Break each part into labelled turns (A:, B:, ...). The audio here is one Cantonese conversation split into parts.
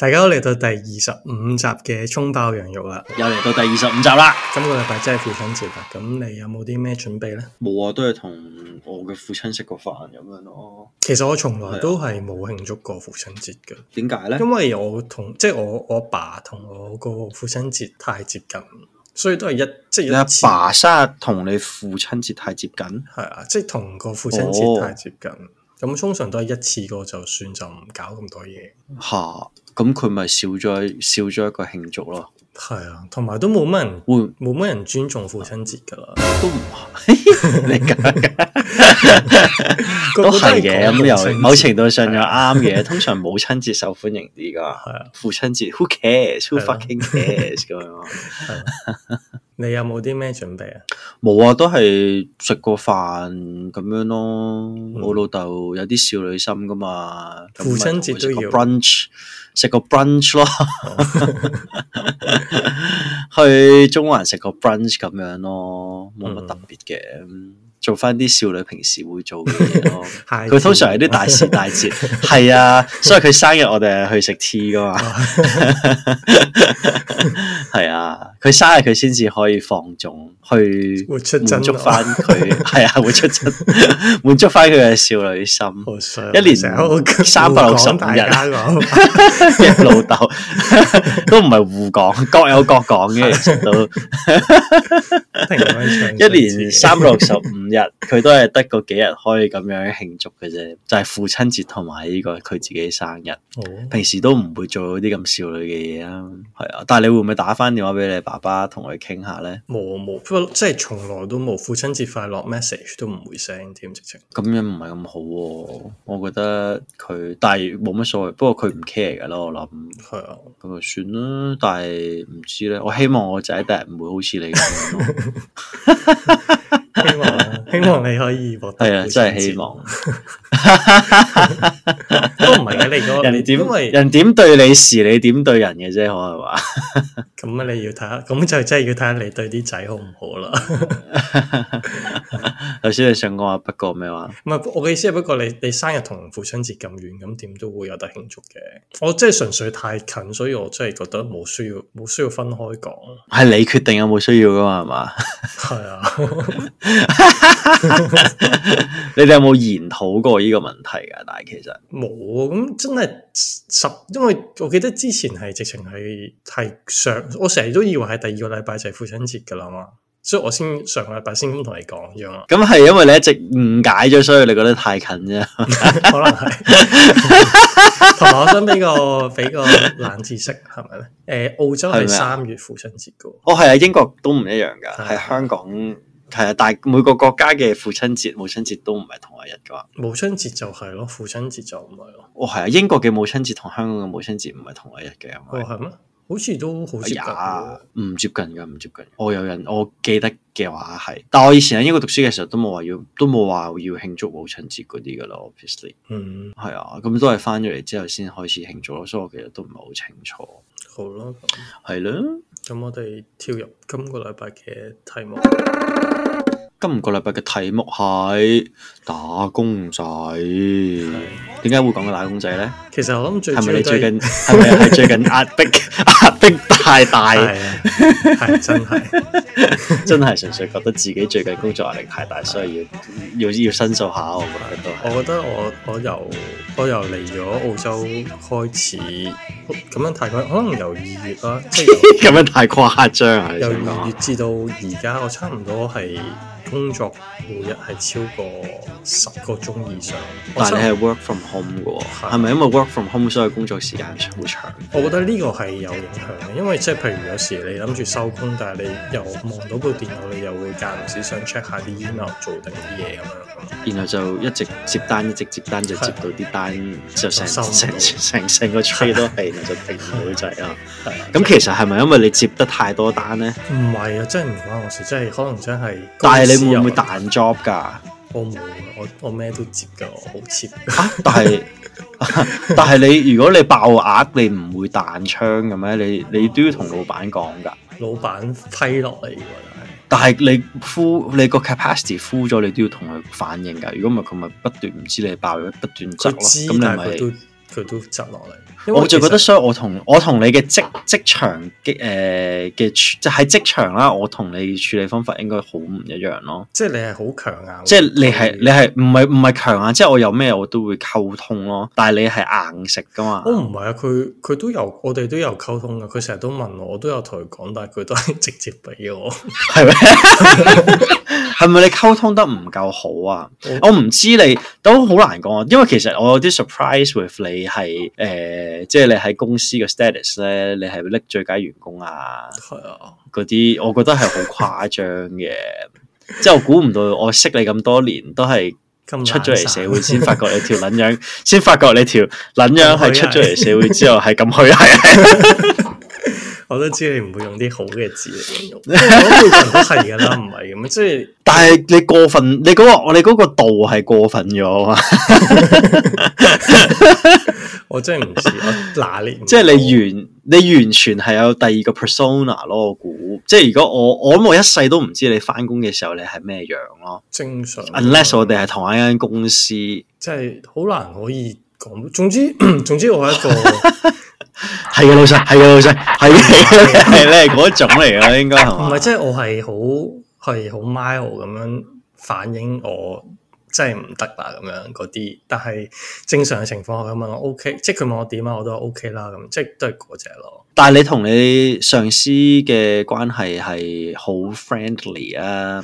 A: 大家都嚟到第二十五集嘅蔥爆羊肉啦，
B: 又嚟到第二十五集啦。
A: 今個禮拜真係父親節啦！咁你有冇啲咩準備呢？
B: 冇啊，都係同我嘅父親食個飯咁樣咯。
A: 其實我從來都係冇慶祝過父親節嘅。點解呢？因為我同即係我我爸同我個父親節太接近，所以都係一
B: 即係、就是、一次。你阿爸生日同你父親節太接近？
A: 係啊，即係同個父親節太接近。咁、哦嗯、通常都係一次過就算，就唔搞咁多嘢
B: 吓。 咁佢咪少咗少咗一個慶祝咯，
A: 係啊，同埋都冇乜人會冇乜人尊重父親節噶啦，都唔不係 你講的 都係嘅，咁又某程
B: 度上又啱嘅。 通常母親節受歡迎啲噶，係啊，父親節 Who cares Who fucking
A: cares 咁樣咯，係你有冇啲咩準備啊？
B: 冇啊，都係食個飯咁樣咯。嗯、我老豆有啲少女心噶嘛，父親節都要 brunch，食個 brunch 咯，哦、 去中環食個 brunch 咁樣咯，冇乜特別嘅。嗯做翻啲少女平時會做嘅嘢咯，佢早通常係啲大時大節，係 啊，所以佢生日我哋去食 tea 㗎嘛，係 啊，佢生日佢先至可以放縱，去滿足翻佢，係啊，會出質，滿足翻佢嘅少女心。壞一年成三百六十五日，
A: 老
B: 豆都唔係互講，各有各講嘅，其實都 一年三百六十五。6, 日佢 都係得嗰幾日可以咁樣慶祝嘅啫，就係父親節同埋呢個佢自己生日，平時都唔會做啲咁少女嘅嘢啦。係啊，但係你會唔會打翻電話俾你爸爸同佢傾下呢？
A: 冇冇，即係從來都冇父親節快樂 message 都唔會聲添，直情。
B: 咁樣唔係咁好喎，我覺得佢，但係冇乜所謂。不過佢唔 care 噶咯，我諗。係啊，咁就算啦，但係唔知咧。我希望我仔第日唔會好似你咁咯。希望。
A: 希望你可以獲得好成績。 都唔係嘅，你、那個人點咪為人點對你
B: 時你點對人嘅啫，可係嘛？
A: 咁 你要睇下，咁就真係要睇下你對啲仔好唔好啦。
B: 頭 先 你想講話，不過咩話？
A: 唔係我嘅意思，不過你你生日同父親節咁遠，咁點都會有得慶祝嘅。我真係純粹太近，所以我真係覺得冇需要，冇需要分開講。
B: 係你決定有冇需要噶嘛？係嘛？
A: 係啊。
B: 你哋有冇研討過？呢個問題噶，但係
A: 其實冇咁真係十，因為我記得之前係直情係係上，我成日都以為係第二個禮拜就係父親節噶啦嘛，所以我先上個禮拜先咁同你講，樣啊，咁係因為
B: 你一直誤解咗，所以你覺得你太近啫， 可能係
A: 是。同 埋我想俾個俾個冷知識，係咪咧？誒，澳洲係三月父親節噶，
B: 我係啊，哦、英國都唔一樣噶，係的香港。係啊，但係每個國家嘅父親節、母親節都唔係同一
A: 日噶。母親節就係咯，父親節就
B: 唔係咯。哦，係啊，英國嘅母親節同香港嘅母親節唔係同
A: 一日嘅。哦，係咩？好似都好接，哎，
B: 接近。唔接近噶，唔接近。我有人我記得嘅話係，但係我以前喺英國讀書嘅時候都冇話要，都冇話要慶祝母親節嗰啲噶咯，obviously。嗯。係啊，咁都係翻咗嚟之後先開始慶祝咯，所以我其實都唔係好
A: 清楚。好咯，係咯。咁的我哋跳入今個禮拜嘅題目。
B: 今個禮拜嘅題目係打工仔，點解會講個打工仔咧？其實我諗最係咪你最近係咪係最近壓迫壓迫太大，大、 啊？係真係 真係純粹覺得自己最近工作壓力太大， 所以要要要申訴下。我
A: 覺得，我覺得我我由我由嚟咗澳洲開始咁樣提佢，可能由二月啦，
B: 即係咁樣太誇張啊！係由
A: 二月至到而家，我差唔多係。工作每日係超過十個鐘以上，但係你係
B: work from home 嘅喎，係咪因為 work from home 所以工作時間好長？我覺
A: 得呢個係有影響嘅，因為即係譬如有時你諗住收工，但係你又望到部電腦，你又會間唔時想 check 下啲 email 做定啲嘢咁
B: 樣，然後就一直接單一直接單就接到啲單就成成成成個車都係，就停唔到滯啊。咁其實係咪因為你接得太多單咧？唔係
A: 啊，真唔關我事，真係可能真係。但係你。有冇、嗯、彈
B: job 㗎？
A: 我冇，我我咩都接㗎，好似。
B: 但係但係你如果你爆額，你唔會彈槍咁咩？你你都要同老闆講㗎。
A: 老闆批落嚟，
B: 但係你 full 你個 capacity full 咗，你都要同佢、就是、反應㗎。如果唔係佢咪不斷唔知你爆，不斷執咯。咁你咪
A: 佢都執落嚟。
B: 我就覺得，所以我同我同你嘅職職場嘅誒嘅處，就喺職場啦。我同你、呃、你處理方法應該好唔一樣咯。
A: 即係你係好強、強硬，即係
B: 你係你係唔係唔係強硬？即係我有咩我都會溝通咯。但係你係硬食噶嘛？
A: 我唔係啊！佢佢都有，我哋都有溝通噶。佢成日都問我，我都有同佢講，但係佢都係直接俾我，係咪是嗎？ 係咪你溝通得唔夠好啊？Oh. 我唔知，你
B: 都好難講，因為其實我有啲 surprise with you,、呃就是，你係誒，即係你喺公司嘅 status 咧，你係拎最佳員工啊？係啊、oh.，嗰啲我覺得係好誇張嘅， 即係我估唔到，我識你咁多年都係出咗嚟社會先發覺你條捻樣，先 發覺你條捻樣係出咗嚟社會之後係咁虛係。
A: 我都知你唔會用啲好嘅字嚟形容，用， 部分都係噶啦，唔係咁，即係，
B: 但係你過分，你嗰、嗰個，你嗰個度係過分咗
A: 啊！我真係唔知， 我哪年？即係你
B: 完，你完全係有第二個 persona 咯。我估，即係如果我，我我一世都唔知你翻工嘅時候你係咩樣咯。正常，unless 我哋係同一間公司，
A: 即係好難可以講。總之， 總之我係一個。 係嘅，老細，係嘅，老細，係嘅，係你係嗰種嚟嘅，應該唔係？即係我係好係好 mild 咁樣反映我即係唔得啦咁樣嗰啲。但係正常嘅情況，佢問我 OK，即係佢問我點啊，我都 OK 啦咁，即係都係嗰隻咯。
B: 但係你同你上司嘅關係係好
A: friendly 啊？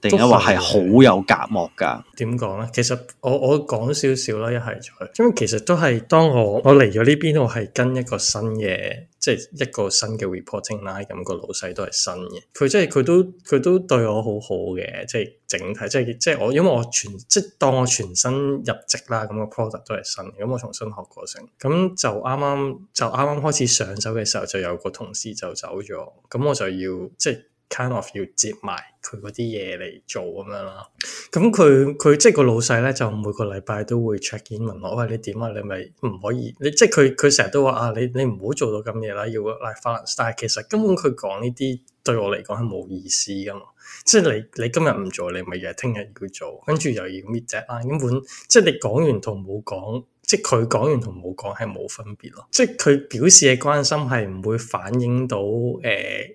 A: 定一話係好
B: 有隔膜噶？
A: 點講咧？其實我我講少少啦，一係咁樣其實都係當我我嚟咗呢邊，我係跟一個新嘅，即係一個新嘅 reporting 啦。i n 咁個老細都係新嘅。佢即係佢都佢都對我好好嘅，即係整體，即係即係我因為我全即係當我全新入職啦，咁個 product 都係新嘅，咁我重新學過程咁就啱啱就啱啱開始上手嘅時候，就有個同事就走咗，咁我就要即係。就是 Kind of 要接埋佢嗰啲嘢嚟做咁樣啦，咁佢佢即係個老細咧，就每個禮拜都會 check in 問我，喂，你點啊，你咪唔可以？你即係佢佢成日都話啊，你你唔好做到咁嘢啦，要 life balance，但係其實根本佢講呢啲對我嚟講係冇意思噶嘛，即係你你今日唔做，你咪日聽日要做，跟住又要 meet that，根本即係你講完同冇講。即係佢講完同冇講係冇分別咯，即係佢表示嘅關心係唔會反映到誒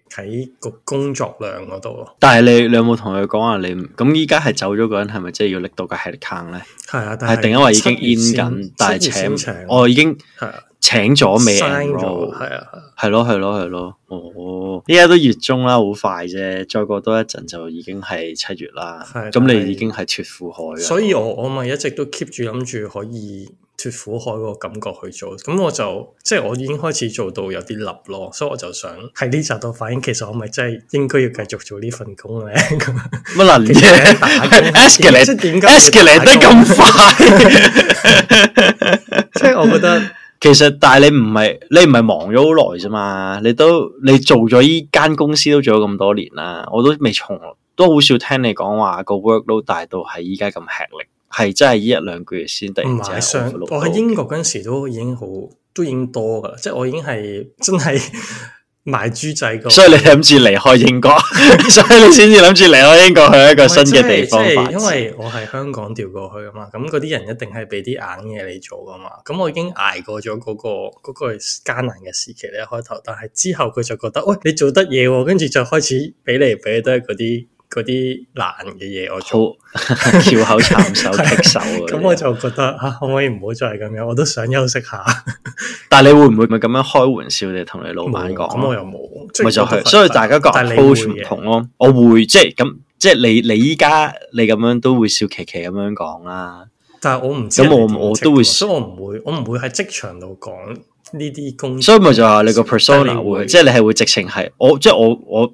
A: 喺個工作量嗰度咯。
B: 但係你你有冇同佢講啊你咁依家係走咗個人係咪即係要拎到個 headcount 咧？
A: 係啊，係定因為已經 in 緊，但係請我、
B: 哦、已經係請咗未？係啊，係咯，係咯、啊，係咯、啊啊啊啊。哦，依家都月中啦，好快啫！再過多一陣就已經係七月啦。咁、啊、是你已經係脱苦海啦。所
A: 以我我咪一直都 keep 住諗住可以脫苦海嗰個感覺去做，咁我就即係我已經開始做到有啲立咯，所以我就想喺呢集度反映，其實我咪真係應該要繼續做呢份工咧？
B: 乜 能嘢？Escalate 點解 Escalate 得咁快？
A: 即係我覺得
B: 其實，但係你唔係你唔係忙咗好耐啫嘛？你都你做咗依間公司都做咗咁多年啦，我都未從都好少聽你講話個 workload 大到係依家咁吃力。係真係一
A: 兩個月先
B: 突然之間好，
A: 我喺英國嗰陣時都已經好，都已經多噶啦，即係我已經係真係賣豬仔。所以你
B: 諗住離開英國， 所以你先至諗住離開英國去一個新嘅地方。就是、射因
A: 為我係香港調過去啊嘛，咁嗰啲人一定係俾啲硬嘢你做噶嘛。咁我已經挨過咗嗰、嗰個嗰、嗰個艱難嘅時期咧，一開頭，但係之後佢就覺得，喂，你做得嘢，跟住就開始俾嚟俾得嗰啲。嗰啲難嘅嘢，我做，
B: 笑口慘手棘手嘅，咁
A: 我就覺得吓可唔可以唔好再咁樣？我都想休息下。
B: 但係你會唔會咁樣開玩笑地同你老闆講？咁我又冇，咪就係，所以大家個 approach 唔同咯。我會即係咁，即係你你依家你咁樣都會笑琪琪咁樣講啦。
A: 但係我唔知咁我我都會，所以我唔會我唔會喺職場度講呢啲工。所以咪就係你個
B: persona 即係你係會直情係我，即係我我。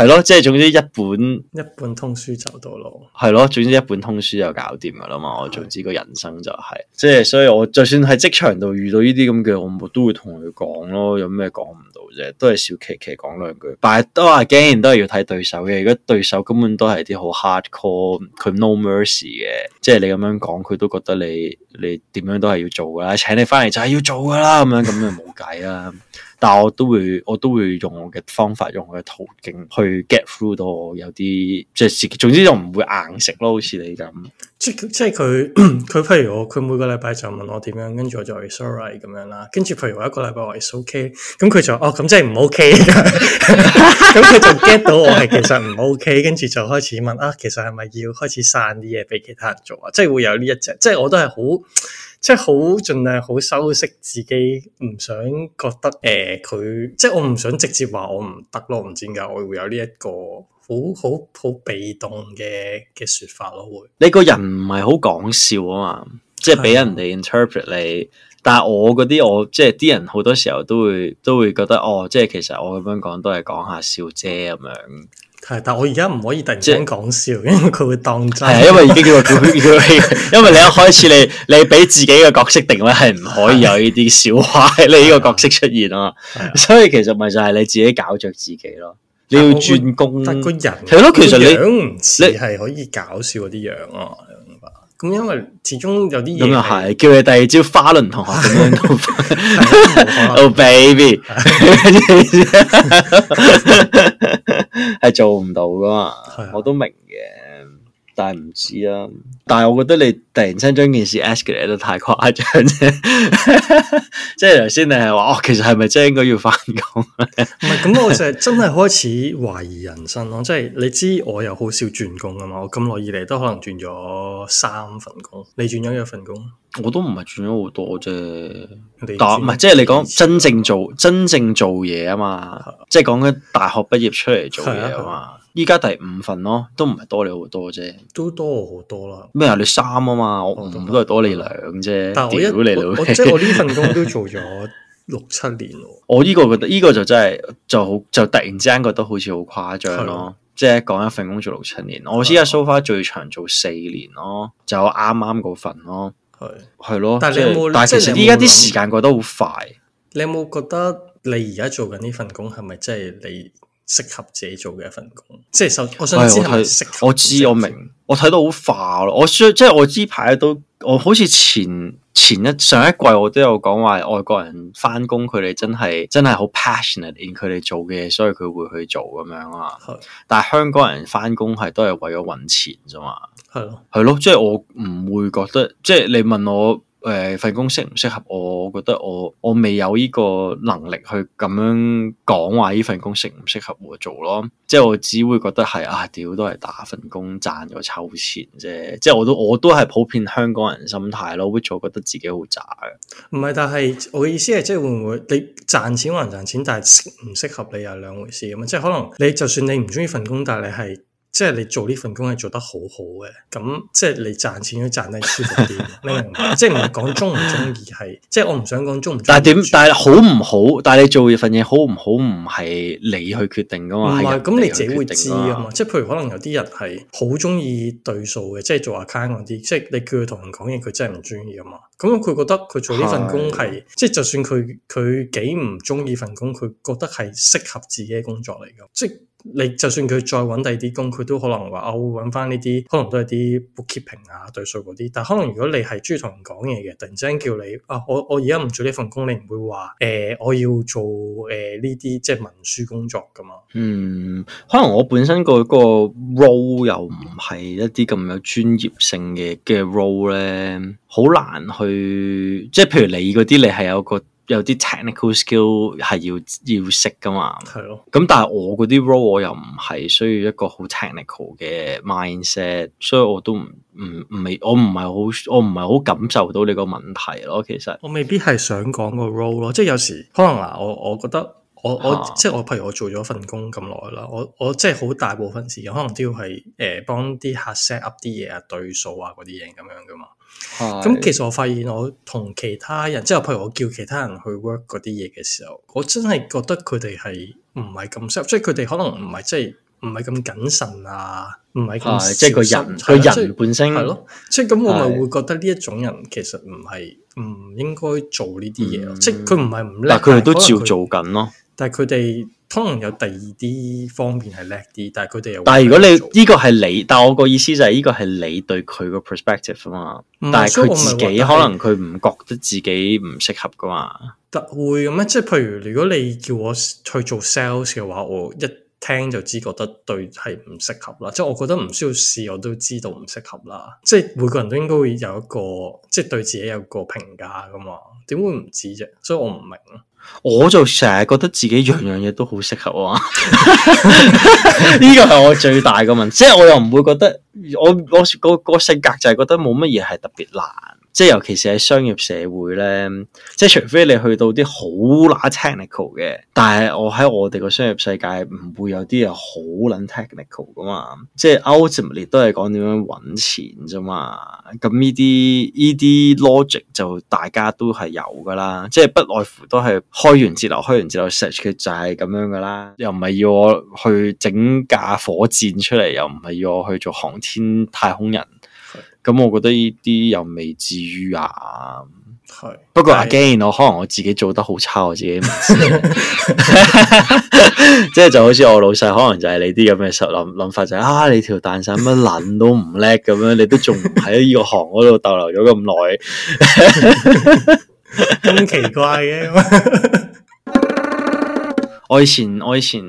B: 係咯，即係總之一本
A: 一本通書就到咯，
B: 係咯，總之一本通書就搞掂噶啦嘛。的我總之個人生就係、是，即係所以我就算喺職場度遇到呢啲咁嘅，我都會同佢講咯，有咩講唔到啫，都係小琪琪講兩句。但係、啊、都係 again 都係要睇對手嘅。如果對手根本都係啲好 hard core，佢 no mercy 嘅，即係你咁樣講，佢都覺得你你點樣都係要做噶啦，請你翻嚟就係要做噶啦，咁樣咁就冇計啦。 但我都會，我都會用我嘅方法，用我嘅途徑去 get through 到我有啲，即係自己，總之就唔會硬食咯，好似你咁。
A: 即即係佢，佢譬如我，佢每個禮拜就問我點樣，跟住我就 sorry 咁樣啦。跟住譬如我一個禮拜話 it's okay，咁佢就哦咁即係唔 ok，咁佢就 get 到我係其實唔 ok，跟住就開始問啊，其實係咪要開始散啲嘢俾其他人做啊？即係會有呢一隻，即係我都係好。即係好盡量好修飾自己，唔想覺得誒佢、呃、即係我唔想直接話我唔得咯，唔知點解我會有呢一個好好好被動嘅嘅說法咯。會
B: 你個人唔係好講笑啊嘛，即係俾人哋 interpret 你的，但係我嗰啲我即係啲人好多時候都會都會覺得哦，即係其實我咁樣講都係講下笑啫，咁樣。
A: 係，但我而家唔可以突然間講笑，即因為佢會當真。係，因為已經叫叫叫，
B: 因為你一開始 你你俾自己嘅角色定位係唔可以有呢啲笑話 你呢個角色出現啊， 所以
A: 其實咪就係你自己搞着自己咯，你要轉工。但，但個人係咯，其實你唔似係可以搞笑嗰啲樣啊。咁因為始終有啲嘢、嗯，咁又係
B: 叫你第二招花輪同
A: 學，咁樣都，哦，baby，係
B: 做唔到噶嘛， 我都明嘅。但係唔知啊！但係我覺得你突然間將件事 ask 嚟得太誇張啫，即係頭先你係話哦，其實係咪真係應該要翻工？
A: 唔係咁， 我就真係開始懷疑人生咯。即係 你知我又好少轉工啊嘛？我咁耐以嚟都可能轉咗三份工，你轉咗一份工，
B: 我都唔係轉咗好多啫。你但唔係即係你講真正做真正做嘢啊嘛？的即係講緊大學畢業出嚟做嘢啊嘛？依家第五份咯，都唔係多你好多啫，
A: 都多我好多啦。
B: 咩啊？你三啊嘛，我都係多你兩啫。但係我一，即係我呢份工都
A: 做咗六七年咯。
B: 我呢個覺得，呢個就真係就好，就突然之間覺得好似好誇張咯。即係講一份工做六七年，我知阿 so far 最長做四年咯，就啱啱嗰份咯，係係咯。但係你有冇？但係其實依家啲時間過得好快。
A: 你有冇覺得你而家做緊呢份工係咪即係你？適合自己做嘅一份工，即係我我想知
B: 道，我知我明，我睇到好化咯。我即係我呢排都，我好似前前一上一季，我都有講話外國人翻工，佢哋真係真係好 passionate in 佢哋做嘅嘢，所以佢會去做咁樣啊。係，但係香港人翻工係都係為咗揾錢啫嘛。係咯係，係咯，即係我唔會覺得，即係你問我。誒、呃，份工適唔適合我？我覺得我我未有呢個能力去咁樣講話呢份工適唔適合我，我做咯。即係我只會覺得係啊，屌都係打份工賺咗臭錢啫。即係我都我都係普遍香港人心態咯，會做覺得自己好渣嘅。
A: 唔係，但係我嘅意思係，即係會唔會你賺錢可能賺錢，但係唔適合你又兩回事咁啊。即係可能你就算你唔中意份工，但係你係。即係你做呢份工係做得好好嘅，咁即係你賺錢都賺得舒服啲， 你明唔明？即係唔係講中唔中意，係即係我唔想講中唔中
B: 意。但係點？但係好唔好？但係你做呢份嘢好唔好？唔係你去決定噶嘛？唔係咁，人你自己會知噶嘛？
A: 即係譬如可能有啲人係好中意對數嘅，即係做 account 嗰啲，即係你叫佢同人講嘢，佢真係唔中意噶嘛。咁佢覺得佢做呢份工係，即係的就算佢佢幾唔中意份工，佢覺得係適合自己嘅工作嚟噶，即係。你就算佢再揾第二啲工，佢都可能話我會揾翻呢啲，可能都係啲 bookkeeping 啊、對數嗰啲。但可能如果你係中意同人講嘢嘅，突然之間叫你啊，我我而家唔做呢份工，你唔會話誒、呃、我要做誒呢啲即係文書工作噶嘛？
B: 嗯，可能我本身、個嗰個 role 又唔係一啲咁有專業性嘅嘅、嗰個、role 咧，好難去即係譬如你嗰啲你係有個。有啲 technical skill 係要要識噶嘛，係
A: 咯的。咁但係我嗰
B: 啲 role 我又唔係需要一個好 technical 嘅 mindset，所以我都唔唔唔係，我唔係好我唔係好感受到你個
A: 問題咯。其實我未必係想講個 role 咯，即係有時可能嗱、啊，我我覺得。我我即係我，我譬如我做咗份工咁耐啦，我我即係好大部分時間，可能都要係誒幫啲客 set up 啲嘢啊、對數啊嗰啲嘢咁樣噶嘛。咁是其實我發現我同其他人，即係譬如我叫其他人去 work 嗰啲嘢嘅時候，我真係覺得佢哋係唔係咁適合。 是 即係佢哋可能唔係即係唔係咁謹慎啊，唔係咁即係個人個人本身係咯。即係咁是我咪會覺得呢一種人其實唔係唔應該做呢啲嘢咯，即係佢唔係唔叻，但佢哋都照做緊咯。但係佢哋可能有第二啲方面係叻啲，但係佢哋又有但係如果你
B: 呢個係你，但係我個意思就係呢個係你對佢個 perspective 啊嘛。是但係佢自己可能佢唔覺得自己唔適合噶嘛。
A: 得會嘅咩？即係譬如如果你叫我去做 sales 嘅話，我一聽就知覺得對係唔適合啦。即係我覺得唔需要試，我都知道唔適合啦。即係每個人都應該會有一個，即係對自己有個評價噶嘛？點會唔知啫？所以我唔明。
B: 我就成日覺得自己樣樣嘢都好適合我啊，呢個係我最大嘅問題，即係我又唔會覺得，我我個性格就係覺得冇乜嘢係特別難。即係尤其是喺商業社會咧，即係除非你去到啲好乸 technical 嘅，但係我喺我哋個商業世界唔會有啲嘢好撚 technical 噶嘛。即係 ultimately 都係講點樣揾錢啫嘛。咁呢啲呢啲 logic 就大家都係有噶啦。即係不外乎都係開源節流、開源節流 search 嘅就係咁樣噶啦。又唔係要我去整架火箭出嚟，又唔係要我去做航天太空人。咁、嗯、我覺得呢啲又未至於啊，係
A: 是不過 again
B: 我可能我自己做得好差，我自己唔知，即係就好似我老細可能就係你啲咁嘅想諗諗法就係、是、啊，你條蛋散乜捻都唔叻咁樣， 你都仲喺呢個行嗰度逗留咗咁耐，
A: 咁 奇怪嘅，
B: 我以前我以前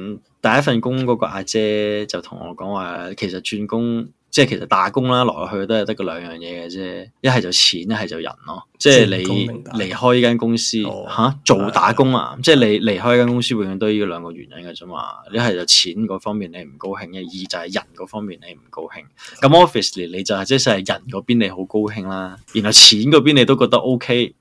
B: 第一份工嗰個阿姐就同我講話，其實轉工。即係其實打工啦，來來去去都係得個兩樣嘢嘅啫，一係就錢，一係就人咯。即係你離開呢間公司嚇、oh, 做打工啊，嗯、即係你離開呢間公司，永遠都呢兩個原因嘅啫嘛。一係就錢嗰方面你唔高興嘅，二就係人嗰方面你唔高興。咁 obviously 你就係即係係人嗰邊你好高興啦，然後錢嗰邊你都覺得 OK。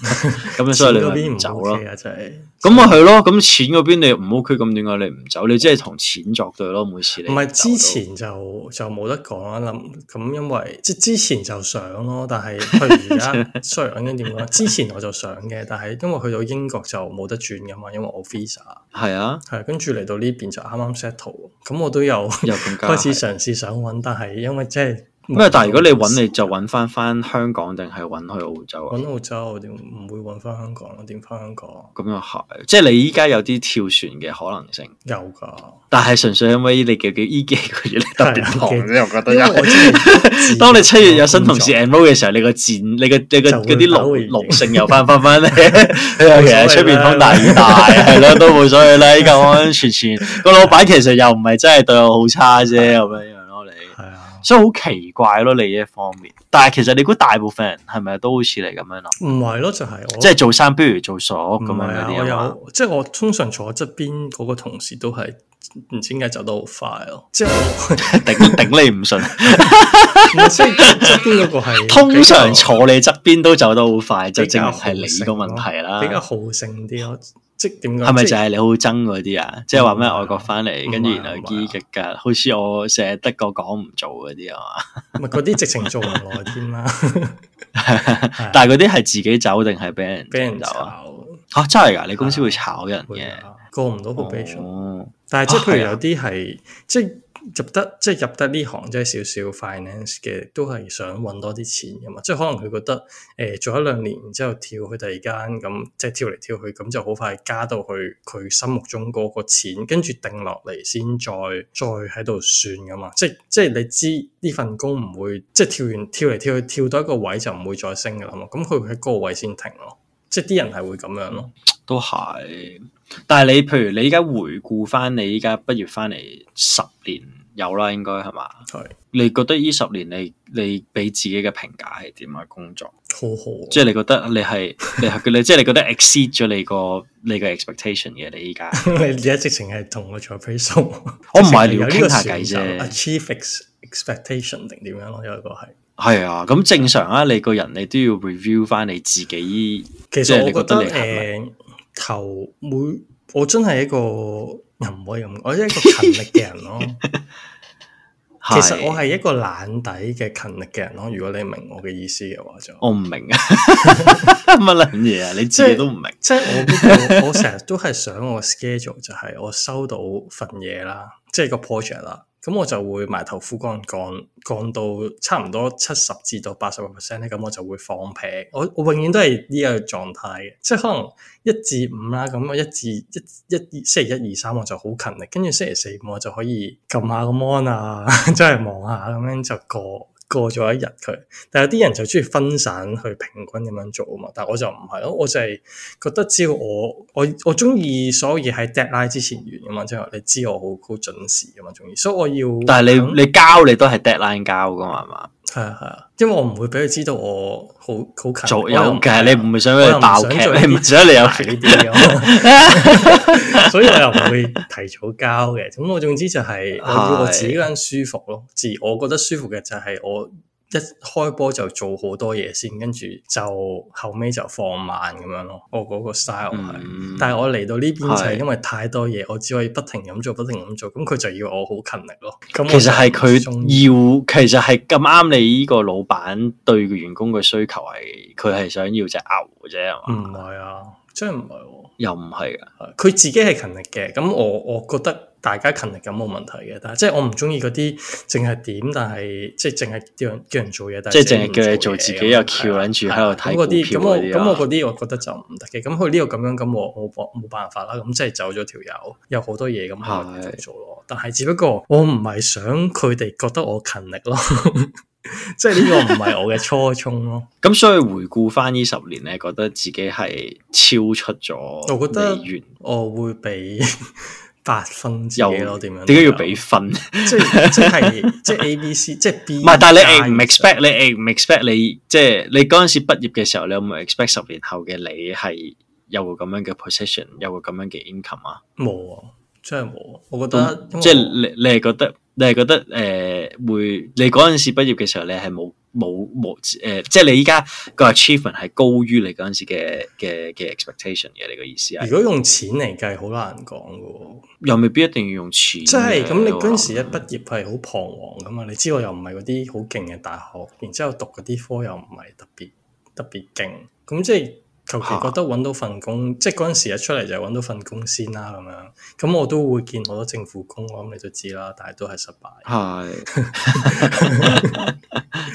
B: 咁樣所以你唔
A: 走咯，真係。咁咪係
B: 咯，咁錢嗰邊你
A: 唔 OK，咁點解你唔走？你即係同錢作對咯，每次你。唔係之前就就冇得講啦，諗咁因為即係之前就想咯，但係譬如而家雖然揾緊點講，之前我就想嘅，但係因為去到英國就冇得轉噶嘛，因為我 visa。係啊。係，跟住嚟到呢邊就啱啱 settle，咁我都有開始嘗試想揾，但係因為即係。咁但係如果你揾，你
B: 就揾翻翻香港定係揾去澳洲
A: 啊？揾澳洲，我點唔會揾翻香港啊？點翻香港？咁又係，即係
B: 你依家有啲跳船嘅可
A: 能性。有噶，
B: 但係純粹因為你叫叫依幾個月特別忙，我覺得。當你七月有新同事 MO 嘅時候，你個賤，你個你啲龍龍性又翻翻翻嚟。其實出面風大雨大，係咯，都冇所謂啦。依家安安全全個老闆其實又唔係真係對我好差啫，咁樣。所以好奇怪咯，你呢方面，但係其實你估大部分人係咪都好似你咁樣
A: 諗？唔係咯，就係、我、即係
B: 做生不如做傻咁樣嗰啲，即
A: 係我通常坐側邊嗰個同事都係唔知點解走得好快咯，即係頂頂你唔順，所以側邊嗰個係通常
B: 坐你側邊都走得好快，就正係你個問題啦，比較
A: 好勝啲咯。 即點講？係咪就係
B: 你好憎嗰啲啊？即係話咩外國翻嚟，跟住然後黐腳噶，好似我成日得個講
A: 唔做嗰啲啊嘛。唔係嗰啲直情做唔耐添啦。
B: 但係嗰啲係自己走定係俾人俾人走啊？嚇真係㗎？你公司會炒人嘅，
A: 過唔到 probation。但係即係譬如有啲係即。入得即係入得呢行，即係少少 finance 嘅，都係想揾多啲錢嘅嘛。即係可能佢覺得誒、呃、做一兩年，然之後跳去第二間咁，即係跳嚟跳去，咁就好快加到去佢心目中嗰個錢，跟住定落嚟先再再喺度算噶嘛。即係即係你知呢份工唔會即係跳完跳嚟跳去跳到一個位就唔會再升噶啦嘛。咁佢喺嗰個位先停咯。即係啲人係會咁樣咯，
B: 都係。但係你，譬如你依家回顧翻，你依家畢業翻嚟十年有啦是，應該係嘛？你覺得呢十年你你俾自己嘅評價係點啊？工作
A: 好好，即係你
B: 覺得你係 你係你即係你覺得 exceed 咗你個你個 expectation 嘅？你依家
A: 你, 你,你而家直情係同我坐 f 飛機數，我唔係聊傾下偈啫。achieve expectation 定點
B: 樣咯？有一個係係啊，咁正常啊，你個人你都要 review 翻
A: 你自己，即
B: 係其實 你覺得你。
A: 頭每我真係一個人唔可以咁講，我真係一個 一個勤力嘅人咯。 其實我係一個懶底嘅勤力嘅人咯。如果你明我嘅意思嘅話就，我唔明啊，乜撚嘢啊？你自己都唔明。即係 我我成日都係想我 schedule 就係我收到份嘢啦，即係個 project 啦。咁我就會埋頭苦幹，幹幹到差唔多七十至到八十個 percent 咧，咁我就會放屁，我我永遠都係呢個狀態嘅，即係可能一至五啦，咁我一至一一星期一二三我就好勤力，跟住星期四我就可以撳下個 mon 啊，即係望下咁樣就過。過咗一日佢，但係有啲人就中意分散去平均咁樣做啊嘛。但係我就唔係咯，我就係覺得只要我我我中意，所以喺 deadline 之前完啊嘛。即係你知我好好準時啊嘛，中意，所以我要。但係你你交你
B: 都係 deadline 交噶嘛？係嘛？
A: 係啊係啊，因為我唔會俾佢知道我好好近，有嘅，
B: 你唔會想佢爆劇，你唔想你有呢啲嘅，
A: 所以我又唔會提早交嘅。咁我總之就係、是、我的要我自己嗰陣舒服咯，自我覺得舒服嘅就係我。一開波就做好多嘢先，跟住就後尾就放慢咁樣咯。我嗰個 style 係，嗯、但係我嚟到呢邊就係因為太多嘢，是我只可以不停咁做，不停咁做。咁佢就要我好勤力咯。其實係佢仲
B: 要，其實係咁啱你呢個老闆對員工嘅需求係，佢係想要隻牛嘅啫，係嘛？
A: 唔係啊，即真唔係啊。又唔係啊！佢自己係勤力嘅，咁我我覺得大家勤力咁冇問題嘅，但係即係我唔中意嗰啲淨係點，但係即係淨係叫人叫人做嘢，但係即係淨係叫
B: 你做自己又翹捻住喺度睇股票嗰啲，咁的我咁我嗰啲，
A: 咁我，咁我覺得就唔得嘅。咁佢呢個咁樣咁，我我冇辦法啦。咁即係走咗條友，有好多嘢咁做咯。的但係只不過我唔係想佢哋覺得我勤力咯。 即係呢個唔係我嘅初衷咯。
B: 咁 所以回顧翻呢十年，你覺得自己係超出咗。我覺得，我
A: 會俾八分之幾咯。點樣？點解要俾
B: 分？ 即
A: 係即係即係 A BC, 即 B、B、C，即係 B。唔係，但係你 A 唔
B: expect，你 A 唔 expect，你即係你嗰陣時畢業嘅時候，你有冇 expect 十年後嘅你係有個咁樣嘅 position，有個咁樣嘅 income
A: 啊？冇啊，真係冇啊。我覺得、嗯，即
B: 係你你係覺得。你係覺得誒、呃、會？你嗰陣時畢業嘅時候你，你係冇冇冇誒？即係你依家個 achievement 係高於你嗰陣時嘅嘅嘅 expectation 嘅？你個意思係？如果用錢嚟計，好難講嘅喎。又未必一定要用錢。即係咁，那你嗰陣時
A: 一畢業係好彷徨㗎嘛？嗯、你知我又唔係嗰啲好勁嘅大學，然之後讀嗰啲科又唔係特別特別勁。咁即係。求其覺得搵到份工，啊、即係嗰陣時一出嚟就搵到份工先啦。咁樣咁，我都會見好多政府工，我諗你就知啦。但係都係失敗，
B: 是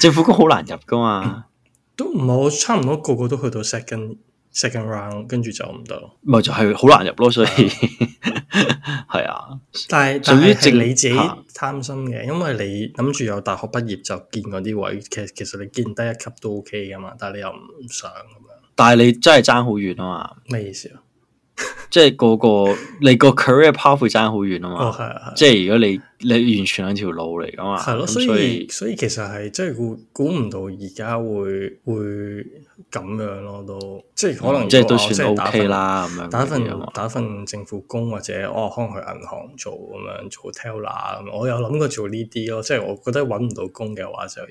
B: 政府工好難入噶嘛，
A: 都唔係我差唔多個個都去到 second second round，跟住就唔到，
B: 咪就係好難入咯。所以係 啊，
A: 但係總之直你自己貪心嘅，啊、因為你諗住有大學畢業就見嗰啲位，其實其實你見低一級都 O K 噶嘛，但係你又唔想。
B: 但係你真係爭好遠啊嘛，
A: 咩意思？
B: 即係個個你個 career path 會爭好遠啊嘛，哦、即係如果你、嗯、你完全兩條路嚟噶嘛，係咯的。所以
A: 所以其實係、就是、即係估估唔到而家會會咁樣咯，都即係可能、嗯、即係都算 O、OK、K 啦咁樣。打份打，份，打份政府工或者哦，可能去銀行做咁樣做 teller 咁，我有諗過做呢啲咯。即、就、係、是、我覺得搵唔到工嘅話就要。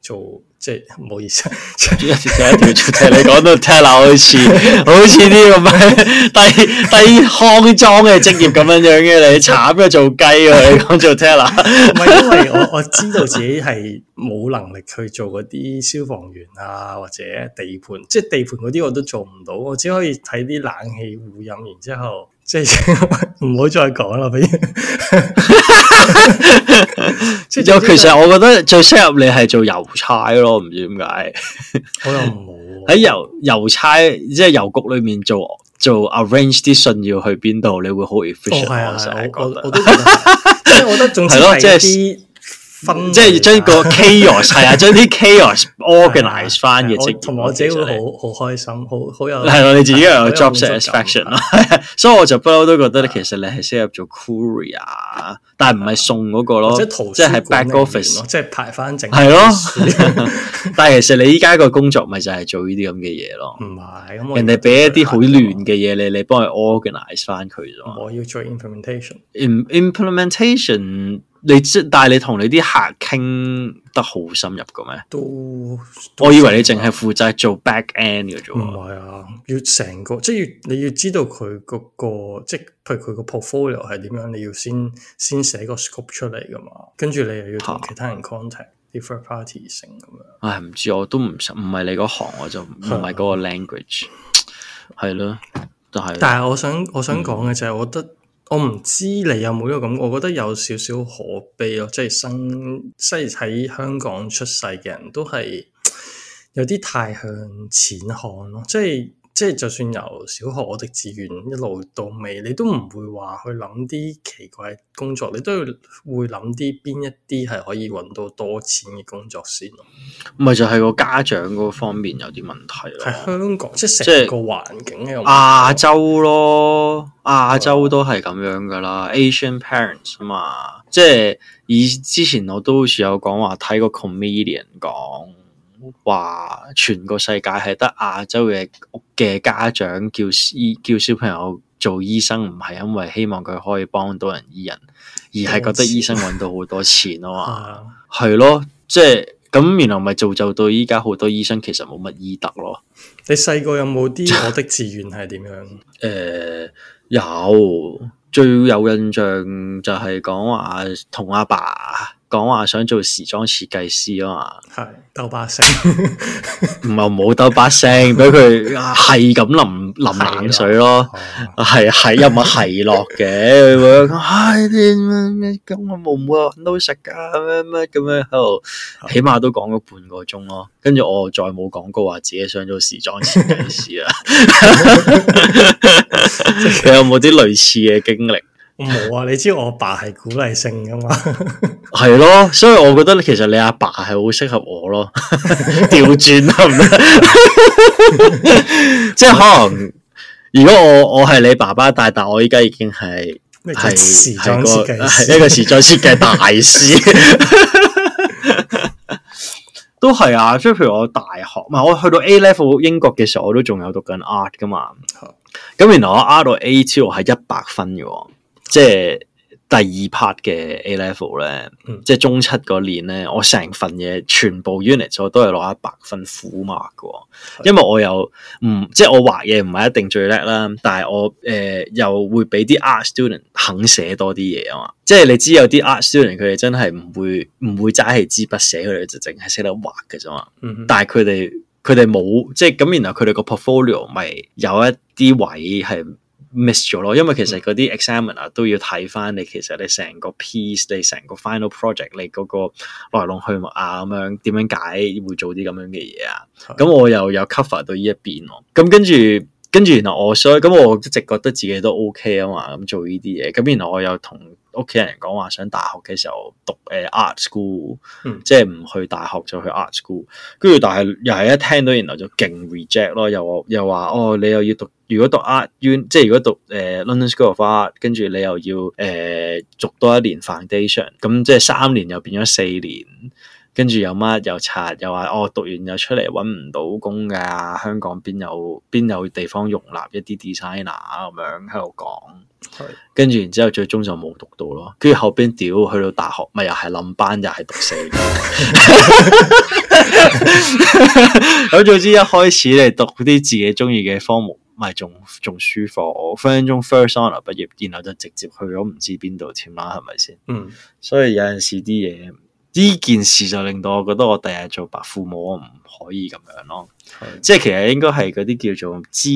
A: 做即係唔好意思，即係一條條聽你講到 Teller 好似好似啲咁樣低低
B: 康莊嘅職業咁樣樣嘅你慘嘅做雞啊！你講做 Teller 唔係因為
A: 我我知道自己係冇能力去做嗰啲消防員啊或者地盤，即係地盤嗰啲我都做唔到，我只可以睇啲冷氣護飲，然之後。即係唔好再講啦，不如，有其實我
B: 覺得最適合你係做郵差咯，唔知點解。我又冇喺郵郵差即係郵局裏面做做 arrange 啲信要去邊度，你會好 efficient、哦、啊，我我我，
A: 我覺得， 即係我覺得總之係分
B: 即係將個 chaos 係啊，將啲 chaos organize 翻嘅職業，
A: 同我自己會好好開心，好好有係咯，你自己又有 job satisfaction
B: 咯，所以我就不嬲都覺得咧，其實你係適合做 courier。但唔係送嗰個咯，即係即係 back office 咯，即係
A: 排翻整。係咯，
B: 但係其實你依家個工作咪就係做呢啲咁嘅嘢咯。唔係，咁、嗯、人哋俾一啲好亂嘅嘢，你你幫佢 organize 翻佢啫嘛。我要
A: 做 implementation。
B: Im, implementation，你即係但係你同你啲客傾得好深入嘅咩？
A: 都，我以為
B: 你淨係負責做 back end
A: 嘅啫喎。唔係啊，要成個，即係要你要知道佢個、嗰個，即係譬如佢個 portfolio 係點樣，你要先先寫個 scope 出嚟嘅嘛。跟住你又要同其他人 contact、啊、different parties 成咁
B: 樣。唉，唔知我都唔唔係你嗰行，我就唔係嗰個 language 係咯，就係。但係我
A: 想我想講嘅就係，我覺得。我唔知你有冇呢個感覺，我覺得有少少可悲咯，即係生即係喺香港出世嘅人都係有啲太向錢看咯，即係。即係就算由小學我哋志願一路到尾，你都唔會話去諗啲奇怪嘅工作，你都要會諗啲邊一啲係可以揾到多錢嘅工作先咯。
B: 唔係就係個家長嗰方面有啲問題咯。
A: 喺香港即係成個環境咧，亞
B: 洲咯，亞洲咯，亞洲都係咁樣噶啦。吧 Asian parents 嘛，即係以之前我都好似有講話睇個 comedian 講。話全個世界係得亞洲嘅屋嘅家長叫醫叫小朋友做醫生，唔係因為希望佢可以幫到人醫人，而係覺得醫生揾到好多錢啊嘛，係 咯，即係咁原來咪造就到依家好多醫生其實冇乜醫德咯。
A: 你細個有冇啲我的志願係點樣？
B: 誒、 呃，有，最有印象就係講話同阿爸、爸。講話想做時裝設計師啊嘛，係斗把聲，唔係冇斗把聲，俾佢係咁淋淋冷水咯，係係又唔係落嘅，咩、ah, 咩，咁我冇冇揾到食噶，咩咩」咁樣喺度，起碼都講咗半個鐘咯，跟住我再冇講過話自己想做時裝
A: 設計師啦，
B: 你 有冇啲類似嘅經歷？
A: 冇啊！你知道我阿爸係鼓勵性噶嘛？
B: 係咯，所以我覺得其實你阿爸係好適合我咯。調 轉係了咪？ 即係可能如果我我係你爸爸帶，但我依家已經係
A: 係係一個係一個時裝
B: 設計大師， 都係啊。即係譬如我大學唔係、嗯、我去到 A Level 英國嘅時候，我都仲有讀緊 Art 噶嘛。咁好原來我 Art 到 A 超係一百分嘅。即係第二 part 嘅 A level 咧，嗯、即係中七嗰年咧，我成份嘢全部 unit 咗都係攞一百分 full mark 嘅，因為我又唔、嗯、即係我畫嘢唔係一定最叻啦，但係我誒、呃、又會俾啲 art student 肯寫多啲嘢啊嘛，即係你知有啲 art student 佢哋真係唔會唔、嗯、哼 會齋係支筆寫，佢哋就淨係識得畫嘅啫嘛，但係佢哋佢哋冇即係咁，然後佢哋個 portfolio 咪有一啲位係。miss 咗咯，因為其實嗰啲 examiner 都要睇翻你，其實你成個 piece，你成個 final project，你嗰個來龍去脈啊，咁樣點樣解會做啲咁樣嘅嘢啊，咁我又有 cover 到呢一邊咯，咁跟住跟住，原來我所以咁我一直覺得自己都 OK 啊嘛，咁做呢啲嘢，咁然後我又同。屋企人講話想大學嘅時候讀誒 art school，嗯、即係唔去大學就去 art school，跟住但係又係一聽到原來就勁 reject 咯，又又話哦你又要讀，如果讀 art 即係如果讀誒、uh, London school 嘅話，跟住你又要誒、uh, 續多一年 foundation，咁即係三年又變咗四年。跟住又乜又刷，又話哦讀完又出嚟揾唔到工噶，香港邊有邊有地方容納一啲 designer 咁、啊、樣喺度講。跟住然之後最終就冇讀到咯。跟住後邊屌去到大學，咪又係冧班，又係讀死。咁早知一開始你讀啲自己中意嘅科目，咪仲仲舒服。我 friend 中 first honor 畢業，然後就直接去咗唔知邊度添啦，係咪先？嗯。所以有陣時啲嘢。呢件事就令到我覺得我第日做白父母，我唔可以咁樣咯。是的 即係其實應該係嗰啲叫做知